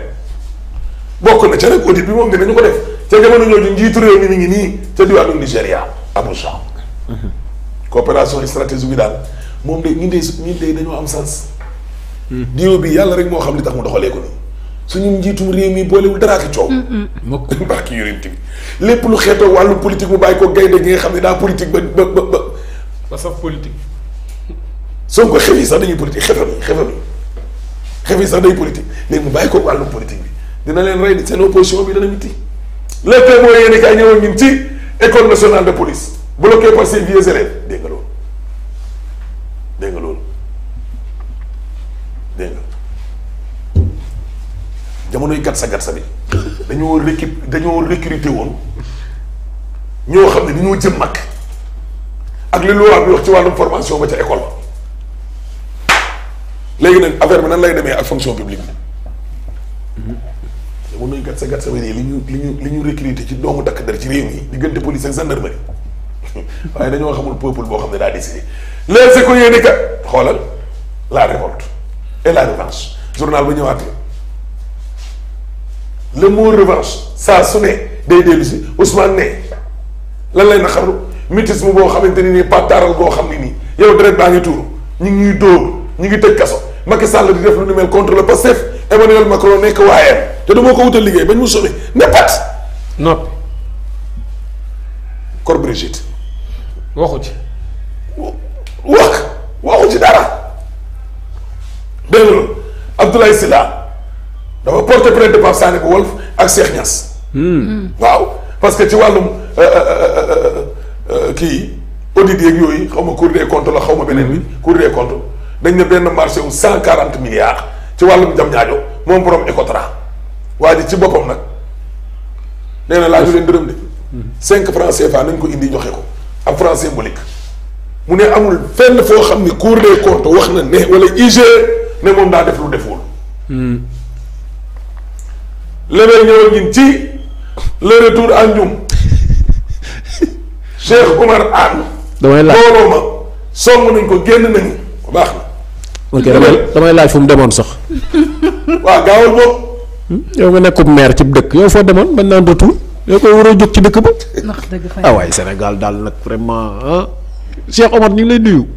bokk na ca rek audit bi moom dinañu ko def ca jamono ñooñu njiitu réew mi mi ngi nii ca diwaanu Nigéria Abuja coopération stratégique bi daal moom de ñun de ñun de dañoo am sens. Hmm. diw bi yàlla rek moo xam li tax mu doxalee ko nii. suñu njiitum réew mi boolewul dara ak coow. mokk barki yonent bi lépp lu xeetoo wàllu politique mu bàyyi ko gaynde gi nga xam ne daa politique ba ba ba ba. ba saf soo ko xef yi sax dañuy politique xefam yi xefam yi xef yi sax day politique léegi mu bàyyi ko wàllu politique bi dina leen rey seen opposition bi dana mitti. lépp mooy yéen a kaay ñëwoon ñun ci école nationale de police bloquée par ses vieux élèves jamonoy gatsa sa bi dañoo récu dañoo recruter woon ñoo xam ne dañoo jëm mag ak li lu bi wax ci wàllum formation ba ca école ba léegi nag affaire bi nan lay demee ak fonction publique bi jamonoy gatsa gatsa bi nii li ñu li ñu li ñu recruter ci doomu takk der ci réew mi diggante police ak gendarmerie waaye dañoo xamul peuple boo xam ne daa décidé les écoliers ni kat xoolal la révolte et la revanche journal ba ñëwaatee. le mot revanche saa su ne day dellu si Ousmane ne lan lay naqarlu mutisme boo xamante ni nii pàttaaral goo xam ne nii yow deret baa ngi tuuru ñu ngi ñuy dóor ñu ngi tëj kaso Macky sàll di def lu ni mel contre le Emmanuel Macron nekk waayeem te du moo ko wutal liggéey bañ mu sobe ne pat noppi Cor Brigitte waxu ci wax waxu ci dara dégg nga Abdoulaye Sylla dama porté plainte Pape Sané bu Walf ak Cheikh Niass. Hmm. waaw parce que ci wàllum euh, euh, euh, kii audit yeeg yooyu xaw ma cour des comptes la xaw ma beneen bi hmm. cour des comptes dañ ne benn marché wu cent quarante milliards ci wàllum jam ñaajo moom borom Ecotra waa ji ci boppam nag nee na laa ñu leen dërëm de hmm. cinq franc CFA nañ ko indi joxe ko ak franc symbolique mu ne amul fenn foo xam ni cour des comptes wax na ne wala IG ne moom daa def lu deful lebel ñëwal ngin ci le retour à Ndioum Cheikh Oumar Anne. damay laaj looloo nañ ko génn nañu baax na. ok damay damay laaj fu mu demoon sax. waaw gaawal moom. Hmm? yow nga nekkub maire ci dëkk yow foo demoon bañ naa retour yow koy war a jóg ci dëkk ba. ndax dëgg fa ah waaye Sénégal daal nag vraiment ah Cheikh Omar ñu ngi lay nuyu.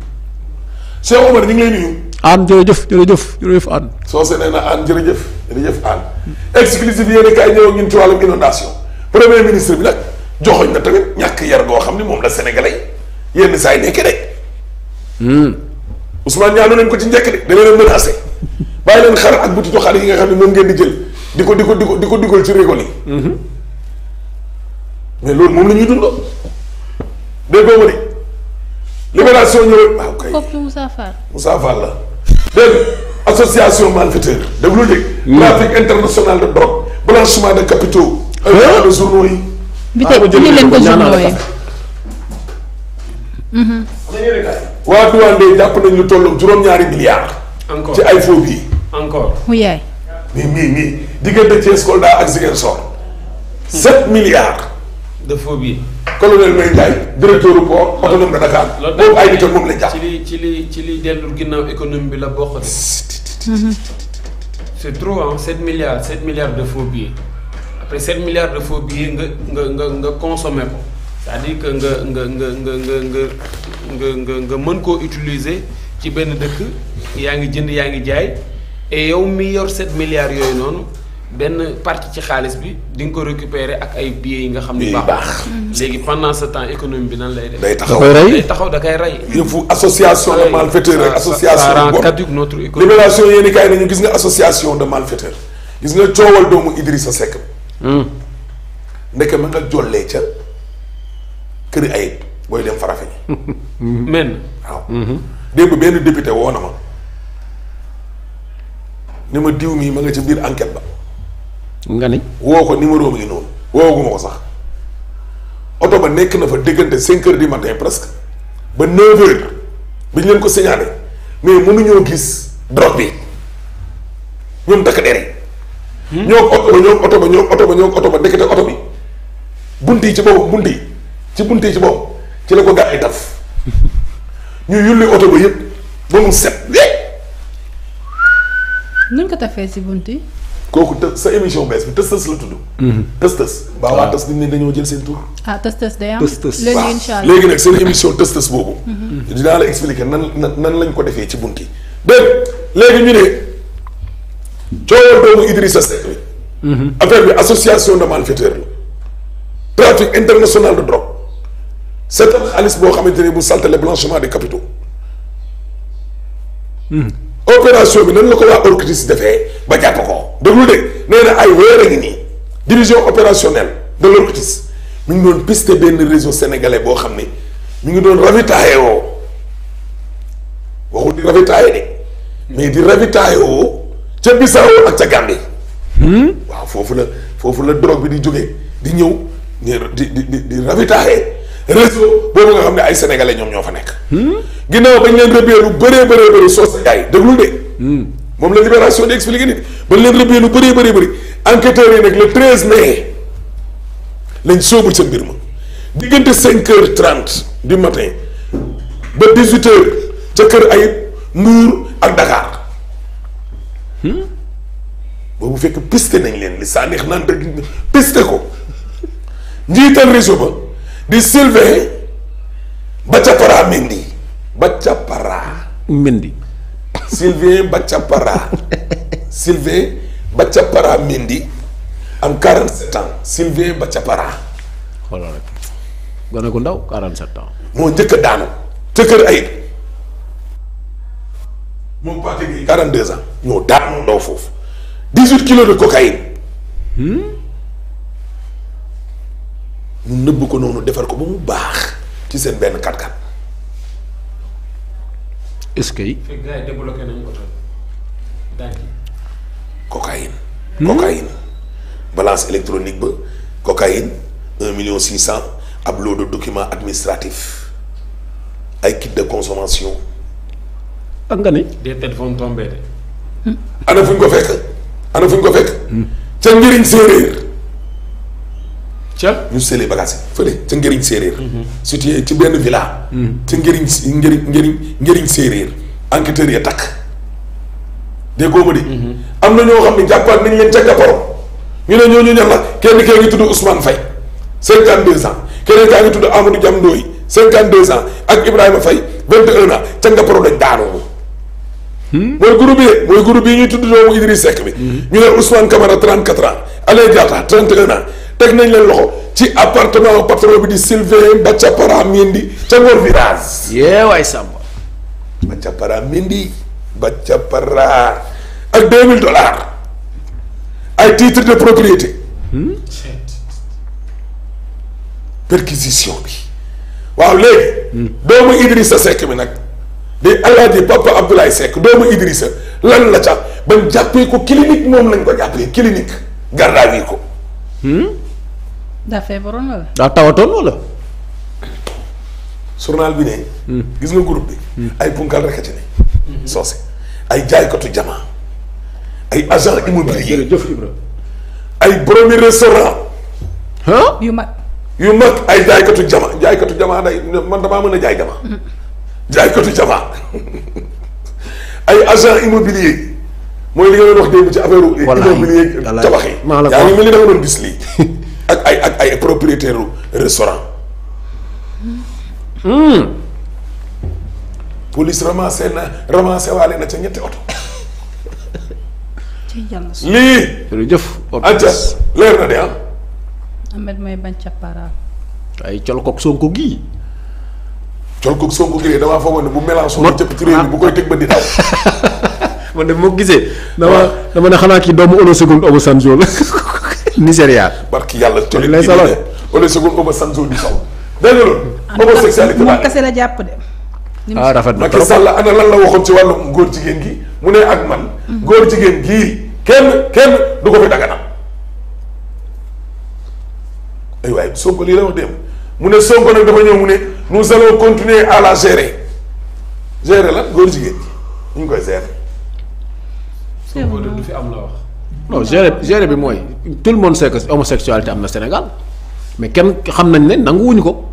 Cheikh Omar ñu ngi lay nuyu. aan jërëjëf jërëjëf jërëjëf aan soo se na aan jërëjëf jërëjëf aan exclusive yéen kaay ñëw ngeen ci wàllum inondation premier ministre bi nag joxoñ na tamit ñàkk yar goo xam ni moom la sénégalais yenn saa yi nekkee de ñaa hmm. ñaanu leen ko ci njëkk de dana leen menacé bàyyi leen xar ak butitu xar yi nga xam ne moom ngeen di jël di ko di ko di ko di ko dugal ko récolte yi hmm. mais loolu moom la ñuy dund dégg nga ma de libération ñëw waaw ah, kay Moussa Fall Moussa Fall la dégg association malfaiteur daf lu dégg. Hmm. trafic international de drogue blanchiment de capitaux. ay de journaux yi. bi tey ñu ah, leen ko journaux yi mm-hmm. waa Douane de jàpp nañu lu toll juróom-ñaari milliards. encore ci ay faux billets. encore mu yaay. mii mi mii diggante Thiès Kolda ak Ziguinchor. 7 hmm. milliards. de faux yi colonel Mbaye Ndiaye directeur port autonome de Dakar. boobu ay nitam moom lañ jàpp. ci li ci li ci li économie bi la bokk. c'est trop ah 7 milliards 7 milliards de faux billets après 7 milliards de faux billets nga nga nga nga consommer ko c'est-à-dire que nga nga nga nga nga nga nga mën koo utiliser ci benn dëkk yaa ngi jënd yaa ngi jaay e yow mi yor 7 milliards yooyu noonu. benn partie ci xaalis bi di nga ko récupérer ak ay billets yi nga xam ne baax léegi pendant ce temps économie bi nañ lay def day taxaw day taxaw da koy rey yëfu association de malfaiteurs ak association de notre économie libération yéeni kaay nañu gis nga association de malfaiteurs gis nga coowal doomu Idrissa Seck bi hmm. ndeke ma nga jollee ca kër ayib booy dem farafe ñi men waaw mhm. démb benn député woo na ma ma diw mii ma nga ci biir enquête ba nga ni woo ko numéro bi ngi noonu woowaguma ko sax oto ba nekk na fa diggante cinq heures du matin presque ba neuf heures bi ñu leen ko signalé mais mënuñoo gis drogue bi ñoom takk dere hmm? ñoom oto ba ñoom oto ba ñoom oto ba ñoom oto ba ndekete oto bi bunt yi ci boobu bunt yi ci bunt yi ci boobu ci la ko gaa yi taf ñu yulli oto ba yëpp ba mu set nuñ ko tafee si bunt yi kooku të sa émission bees bi tës tës la tudd. Mhm. tës tës. waaw waa tës nit ñi dañoo jël seen tur. Ah, léegi nag seen émission tës boobu. Mhm. dinaa la expliquer nan nan nan lañ ko defee ci bunt yi. dégg léegi ñu ne coowal doomu Idrissa Seck bi. Mhm. affaire bi association de malfaiteurs la. trafic international de drogue. seetal xaalis boo xamante ne bu saltale blanchiment des capitaux. opération bi nan la ko waa OCRTIS defee ba jàpp ko. déglu de nee na ay weer a ngi nii division opérationnelle de l'OCRTIS mi ngi doon piste benn réseau sénégalais boo xam ne mu ngi doon ravitaillé woo waxul di ravitaillé de mais di ravitaillé woo ca Bissau ak ca Gambie. Hmm? waaw foofu la foofu la drogue bi di jógee di ñëw di di di di ravitaillé réseau boobu nga xam ne ay sénégalais ñoom ñoo fa nekk. Hmm? ginnaaw bañ leen rëbbee lu bëree bëree bëri soosu yaay déglu de. Hmm. moom la libération di expliqué nit ba leen rëbbee lu bëree bëri bëri enquêteurs yi nag le 13 mai lañ soobu ca mbir ma diggante 5 heures 30 du matin ba 18 heures ca kër Ayib Mbuur ak Dakar hmm? boobu fekk piste nañ leen li saa neex naan rek piste ko njiital réseau ba di Sylvain Baccapara Mendy Baccapara Mendy Sylvain Bachapara Sylvain Bachapara Mendy am 47 ans Sylvain Bachapara. xoolal rek gone gu ndaw 47 ans. moo njëkk a daanu ca kër ayib moom Pathé Gueye 42 an ñoo daanu ndaw foofu 18 kilos de cocaïne. Hmm? mu nëbb ko noonu defar ko ba mu baax ci seen benn kat-kat. est-ce que. fekk gars yi débloqué nañu oto daaj cocaïne. Hmm? cocaïne balance électronique ba cocaïne un million six cent ab lot de documents administratifs ay kit de consommation. ak ah, nga ni. de. ana fu ñu ko fekk ana fu ñu ko fekk. Hmm. ca njëriñ séeréer. ca ñu sëlee bagage yi fële ca ngëriñ séeréer situé ci benn villa ca ngëriñ ngëriñ ngëriñ ngëriñ séeréer enquêteurs ya takk dég góoma di am na ñoo xam ne jàppaat nañ leen ca Gabon ñu ne ñooñu ñan la kenn kee ngi tudd Ousmane Faye cinquante deux ans keneen kaa ngi tudd Amadou Diam Ndoye cinquante deux ans ak Ibrahima Faye vingt et un ans ca Ngaparo dañ daanoo mooy groupe bi mooy groupe yi ñuy tudd doomu Idriss Seck bi mhm. ñu ne Ousmane Camara trente quatre ans Alain Diatta trente et un ans teg nañ leen loxo ci appartement patron bi di Sylvain ba Mendy ca Ngor Virage. yee waay Samba. Baccapara Mendy Baccapara ak deux mille dollars ay titre de propriété. Hmm? perquisition bi waaw léegi. Hmm. doomu Idrissa Seck bi nag di Alaaji Papa Abdoulaye Seck doomu Idrissa lan la ca ba jàppee ko clinique moom lañ ko jàppee clinique gardaa ko. Hmm? daa feebaroon wala. daa tawatoon wala. journal bi ne. Hmm. gis nga groupe bi. Hmm. ay punkal rek a ci ne. Hmm. soose ay jaaykatu jamaa ay agent immobilier ay boromi restaurant. yu mag. yu mag ay jaaykatu jama jaaykatu jama day man damaa mën a jaay jama. jaaykatu jama ay agent immobilier mooy li nga wax démb ci affaire. immobilier tabax yi yaa ngi mel ni da nga doon gis ay ak ay propriétaire restaurant hmm. police ramassé na ramassé na ca ñetti oto lii jërëjëf anta leer na de ah amet may bañ ca paraal ay colkook sonko gii colkook sonko gii damaa foogoon ne bu mélange soo cëpp ci réew mi bu koy teg ba di daw man moo gisee. dama dama ne xanaa kii doomu Olusegun Obasanjo la Nigéria. yàlla toll nii bii de Olusegun Obasanjo du saw. dégg nga loolu. Ah, homosexualité ah, rafet na trop Macky Sall lan la waxoon ci wàllum góor jigéen gi mu ne ak man. Mm. góor jigéen gii kenn kenn du ko fi daganal. Sonko lii la dem mu ne Sonko nag dafa ñëw mu ne nous allons continuer à la gérer gérer la góor jigéen gi ñu koy gérer. c'est vrai du fi am la wax. non géré géré bi mooy tout le monde sait que homosexualité am na Sénégal mais kenn xam nañ ne nanguwuñu ko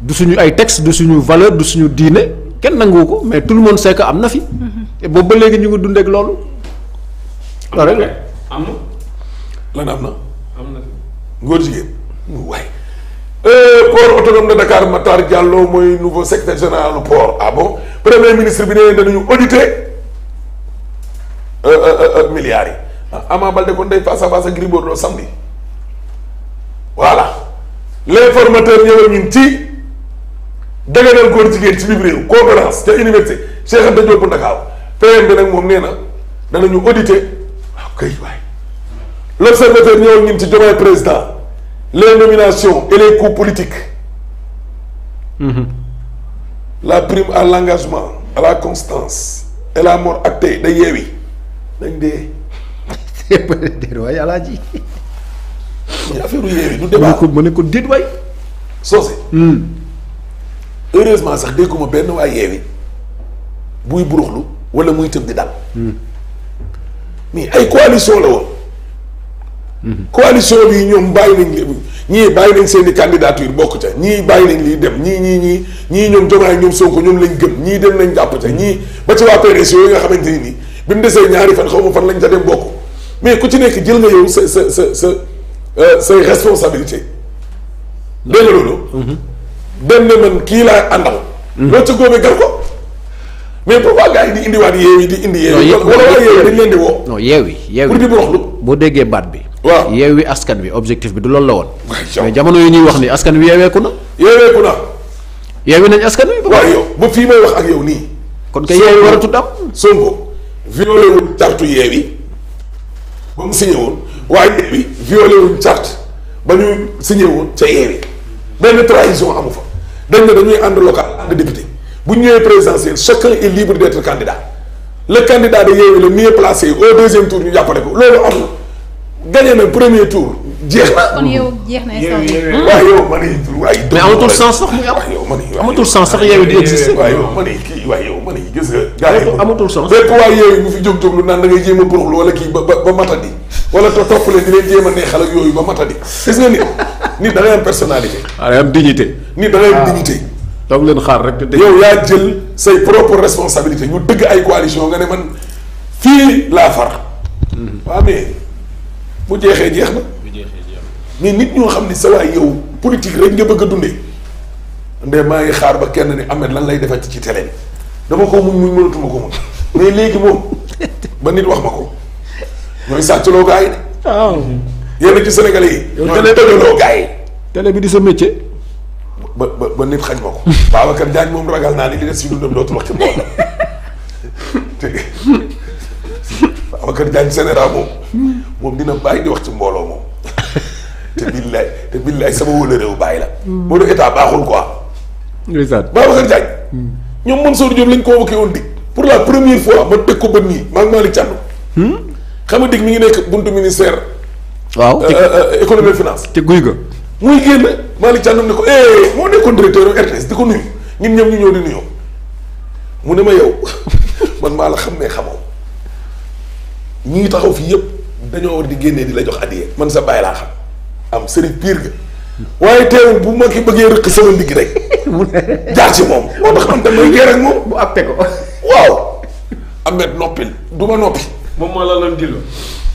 du suñu ay texte du suñu valeur du suñu diine kenn nanguwu ko mais tout le monde sait que am na fi. Mm-hmm. boobu ba léegi ñu ngi dund ak loolu. loolu la am na. lan am na. am na fi góor jigéen waay. port euh, autonome de Dakar Matar mooy nouveau secrétaire général du port ah ministre bi nee nañu audité. Euh, euh, euh, milliards yi ah, Ama Baldé kon day face à face ak Gris Bordeaux samedi voilà l'informateur ñëwal ñun ci daganal góor jigéen ci biir réew conférence ca université Cheikh Anta Diop Ndakaaw PM bi nag moom nee na danañu auditer waaw ah, kay waay l'observateur ñëwal ñun ci Diomaye président les nominations et les coups politique mm-hmm. la prime à l'engagement à la constance et la mort actée da Yewwi dañ dee. déet waay alaaji. mais affaire yooyu du débat ko ma ne ko déet waay. soose. Hmm. heureusement sax dégguma benn waay yeewi buy buruxlu wala muy tëb di dal. Hmm. mais ay coalition la woon. Hmm. coalition bi ñoom bàyyi nañ li ñii bàyyi nañ seen i bokk ca ñii bàyyi nañ liy dem ñii ñii ñii ñii ñoom Diomaye ñoom Sonko ñoom lañ gëm ñii dem nañ jàpp ca ñii ba ci waa PDS yooyu nga xamante ni bi mu desee ñaari fan xaw ma fan lañ ca dem bokk mais ku ci nekk jël nga yow sa sa sa sa euh, say responsabilité dégg nga loolu mhm. dem ne man kii laa àndal mhm. loo ca góobee gar ko mais pourquoi di indiwaat yeew yi di indi yeew yi wala wala di woo non yeew boo déggee baat bi waaw yeew yi askan wi objectif bi du loolu la woon mais jamono yi ñuy wax ni askan wi yeeweeku na yeeweeku na yeewi nañ askan fii may wax ak yow nii kon kay yeewi war a tudd am Sonko violé wuñ cartu Yewwi ba mu signé woon waaye Yewwi violé wuñ carte ba ñu signé woon ca Yewwi benn trahison amu fa dañ ne dañuy ànd local ànd député bu ñu ñëwee présidentiel chacun est libre d' être candidat le candidat de Yewwi le mieux placé au deuxième tour ñu jàppale ko loolu am na gagné na premier tour jeex na kon yow jeex na yow ma ne waaye. mais amatul sens sax muy am. yow ma ne amatul sens sax yow di exister. waaye yow ma ne kii waaye yow ma ne gis nga. gars yi amatul sens. bépp waa yow bu fi jóg jóg lu naan da ngay jéem a burux wala kii ba ba matadi wala topp leen di leen jéem a neexal ak yooyu ba matadi gis nga nit nit da ngay am personnalité. waaw day am dignité. nit da ngay am dignité. toog leen xaar rek te yow yaa jël say propre responsabilité ñu dëgg ay coalition nga ne man fii laa far. waaw mais bu jeexee jeex na. mais nit ñoo xam ne sa waay yow politique rek nga bëgg a dundee ndee maa xaar ba kenn ni Ahmed lan lay defati ci télé dama ko muñ muñ mënatuma ko muñ mais léegi moom ba nit wax ma ko ñooy sàccaloo gars yi de. waaw ah. yenn ci senegal yi. ñooy tëjaloo gars yi. télé bi di sa métier. ba ba ba nit xañ ma ko. Babacar Diagne moom ragal naa ni li des si dundam dootul ci mbooloo te Babacar Diagne moom moom dina bàyyi di wax ci mbooloo moom. te billaay te billaay sama wóolare wu bàyyi la. moo tax état baaxul quoi. ndeysaan Babacar Diagne. Hmm. ñoom Mansour Diop lañ convoqué woon dig pour la première fois ma teg ko bët nii maa ngi Malick hmm? xam nga dig mi ngi nekk buntu ministère. waaw euh, euh, euh, économie te guy ga. muy génn Malick Thiandoum ne ko eh moo nekkoon directeur RTS di ko nuyu ñoom ñu ñëw di nuyoo mu ne ma yow man maa la xam ne xamoo ñii taxaw fii yëpp dañoo war di génnee di la jox addiya man sa bàyyi laa xam. am sëriñ pire ga waaye teewul bu ma ki bëggee rëq sama ndigg rek jaar ci moom moo tax am damay geer ak moom bu àppee ko waaw Ahmed noppil du ma noppi moom moo la lan dillu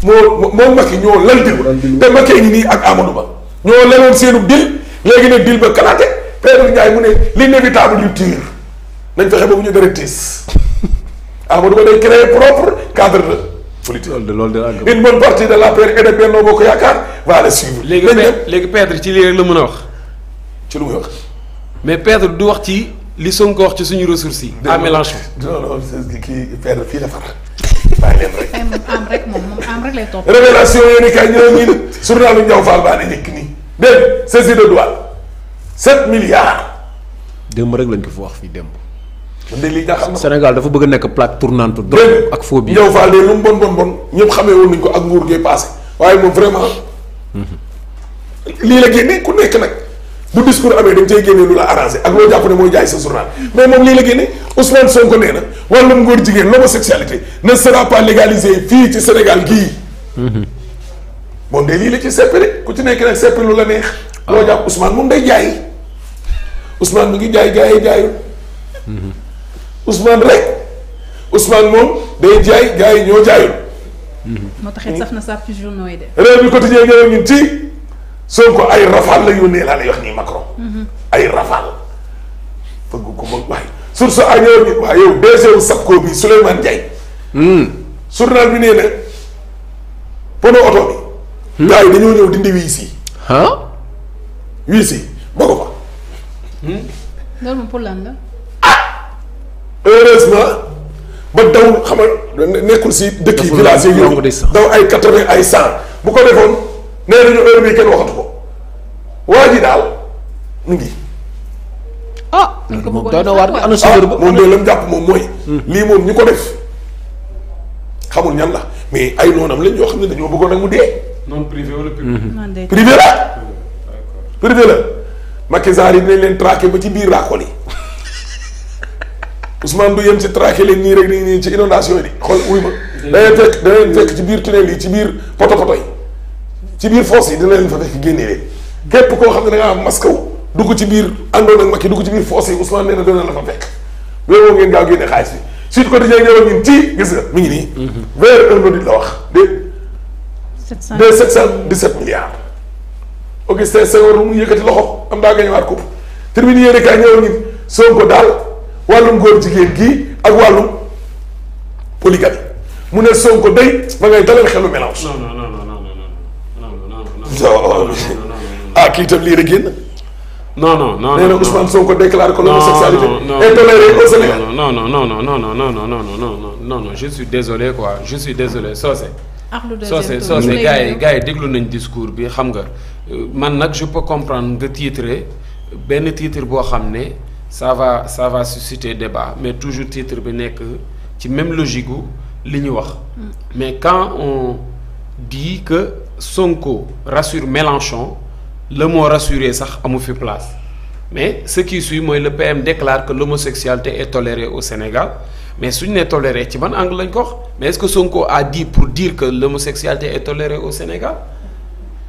moo moom Macky ñoo lal dil te Macky ngi nii ak Amadou Ba ñoo laloon seenu dil léegi ne dil ba kalaate Pedro Ndiaye mu ne l'inévitable du tir nañ fexe ba bu ñu dara tiis Amadou Ba day créer propre cadre politique loolu de loolu de une bonne partie de l'APR et de Benno Bokk Yaakaar va le suivre. léegi léegi Pedre ci lii rek la mën a wax. ci lu muy wax. mais Pedre du wax ci li Sonko wax ci suñu ressources yi. à Mélenchon non non kii Pedre fii la far bàyyi leen rek. am rek moom moom am rek lay topp. révélation yéen i kaay ñoom ñun journalu Ndiaw Fall baa ne nekk nii. dégg nga saisie de douane 7 milliards. démb rek lañ ko fa wax fii démb. Sénégal dafa bëgg a nekk plaque tournante drogue ak phobie ñëw Fall de lu mu bon bon bon ñëpp xamee woon nañ ko ak nguur gee passé waaye moom vraiment lii la génne ku nekk nag bu discours amee dañ cay génne lu la arrangé ak loo jàpp ne mooy jaay sa journal mais moom lii la génne Ousmane Sonko nee na wàllum ngóor jigéen l'homosexualité ne sera pas légalisée fii ci Sénégal gii moom de lii la ci seppali ku ci nekk nag seppali lu la neex ah. loo jàpp Ousmane moom day jaay Ousmane mu ngi jaay jaayee jaayul Ousmane rek Ousmane moom day jaay gars yi ñoo jaayul. moo taxit saf na saaf ci journaux yi de. réew mi quotidien ñëw ñun ci Sonko ay rafal la yónnee laa lay wax nii Macron. Mhm. ay rafal fëgg ko moom waaye source a ñëw ñu waaye yow DG wu SAPCO bi Souleymane Ndiaye. Hmm. journal bi nee na pono oto bi. Hmm. gars yi dañoo ñëw dindi wiis yi. ah. wiis yi ko fa. Hmm? loolu moom pour heureusement ba daw xamal nekkul si dëkk yi village yi yooyu daw ay quatre-vingt ay cent bu ko defoon nee nañu heure bii kenn waxatu ko waa ji daal mu ngi ah moom doy na waar ana ah, la mu jàpp moom mooy hmm. lii moom ñi ko def xamul ñan la mais ay noonam lañ yoo xam ne dañoo bëggoon nag mu dee non privé wala public hmm. privé la privé la Macky yi dinañ leen traqué ba ci biir raakol yi Ousmane du yem ci traqué leen nii rek nii nii ci inondation yi xool wuy ma daneen fekk daneen fekk ci biir tunnel yi ci biir poto poto yi ci biir fosse yi dina leen fa fekk génnee leen képp koo xam ne da am masque wu dugg ci biir àndoon ak Macky dugg ci biir fosse yi Ousmane nee na dana la fa fekk loolu moom ngeen gaaw génne xaalis bi suite côté Dieng ñëwoon ñun ci ngi nii. Mhm. vers un audit la wax de. 700 de 717 milliards. Augustin Senghor mu yëkkati loxo am daa gañewaat ko tribune yéen a kaay ñëwoon ñun Sonko daal. wàllum góor jigéen gii ak wàllum polygamie mu ne Sonko day ba ngay dalal xelu mélange. non non non non non non non ah kii itam lii rek génn. non non non nee na Ousmane Sonko déclare que l'homosexualité est tolérée au Sénégal. non non non non non non non non non non non je suis désolé quoi je suis désolé Socé. Socé Socé gars yi gars yi déglu nañ discours bi xam nga man nag je peux comprendre nga titre benn titre boo xam ne. sava sava ça va susciter débat mais toujours titre bi nekk ci même logique gu li ñu wax. Mm. mais quand on dit que Sonko rassure Mélenchon la mot rassuré sax amu fi place mais ce qui suit mooy le PM déclare que l'homosexualité et tolérée au Sénégal mais suñu nee toléré ci man angle lañ ko wax mais est que Sonko a dit pour dire que l'homosexualité et tolérée au Sénégal.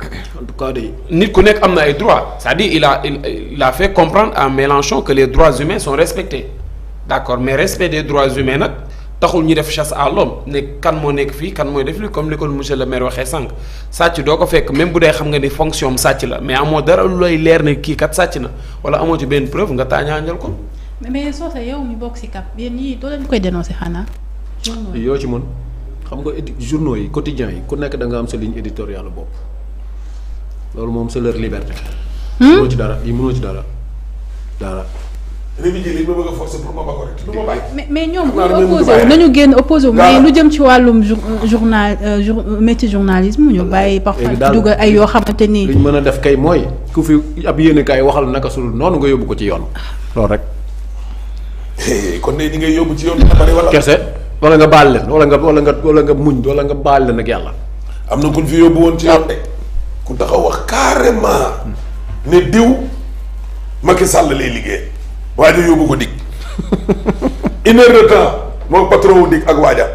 en tout nit ku nekk am na ay droits c'est-à-dire il a il a fait comprendre à Mélenchon que les droits humains sont respectés d'accord mais respect des droits humains nag taxul ñu def chasse à l'homme ne kan moo nekk fii kan mooy def li comme li ko monsieur le maire waxee sànq sàcc doo ko fekk même bu dee xam nga ni fonction am la mais amoo dara lu lay leer ne kii kat sàcc na wala amoo ci benn preuve nga taañaañal ko. mais soo sa yow mi bokk si CAP yéen ñii doo leen koy dénoncer yoo ci mën xam nga édi journaux yi quotidiens yi da nga am sa ligne éditoriale bopp. loolu moom c'est leur liberté. Hmm? mënoo ci dara yi mënoo ci dara dara. religieux li a forcer pour ma ba ko rek du ma bàyyi. mais mais ñoom bu ñu opposé nañu génn opposé mais lu jëm ci wàllum journal euh, métier journalisme ñu bàyyi parfois dugal ay yoo xamante ni. li ñu mën a def kay mooy ku fi ab yéenekaay waxal naka su noonu nga yóbbu ko ci yoon loolu rek. Eh, kon de ñi ngay yóbbu ci yoon bi bari kese wala nga baal leen nga wala nga wala nga muñ wala nga baal leen ak yàlla. am na ku ñu woon ci yoon ku taxaw wax carrément ne diw Macky Sall lay liggéey waaja yóbbu ko dig une heure de temps moom patron wu dig ak waaja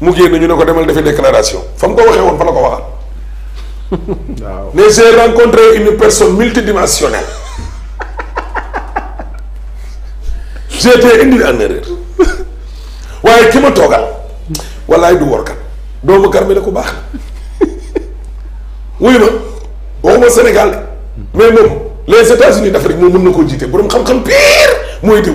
mu génn ñu ne ko demal defi déclaration fa mu ko waxee woon fa la ko waxaat waaw mais j'ai rencontré une personne multidimensionnelle j'étais indi en erreur waaye ki ma toogal wallaay du workat doomu garmi ne ku baax wuyu ma waxuma Sénégal mais moom les États-Unis d'Afrique moo mën na koo jiite borom xam-xam pire mooy diw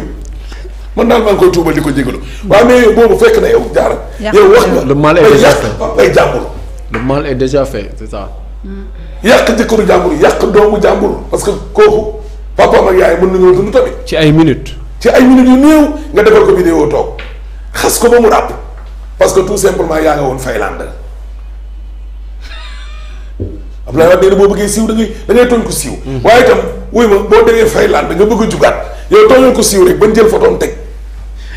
man daal maa ngi koy tuubal di ko jégalu. waaw mais boobu fekk na yow jaara yow wax nga le mal est déjà fait ay jàmbur. le mal est déjà fait c'est ça. Mm. yàq jëkkëru jàmbur yàq doomu jàmbur parce que kooku papaam ak yaay mën nañoo dund tamit. ci ay minutes. ci ay minutes yu néew nga defal ko vidéo toog xas ko ba mu ràpp parce que tout simplement yaa nga woon Finlande. am Wade nee na boo bëggee siiw da ngay tooñ ko siiw mhm. waaye itam wuy ma boo demee Finlande da nga bëgg a jugaat yow tooñoon ko siiw rek ban jël photo am teg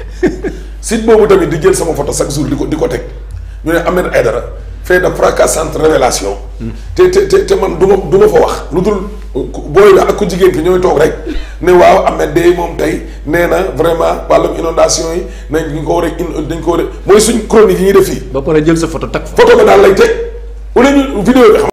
site boobu tamit di jël sama photo chaque jour di ko di ko teg ñu ne Ahmed Aïdara fait de fracassante révélation hmm. te te te te man du du ma fa wax lu ak ku jigéen ki ñooy toog rek ne waaw Ahmed day moom tey nee na vraiment wàllum inondation yi nañ ñu ko war a in dañ ko war a mooy suñ chronique yi ñuy def fii ba pare jël sa photo tag fa photo ba daal lay teg wala ñu bi xam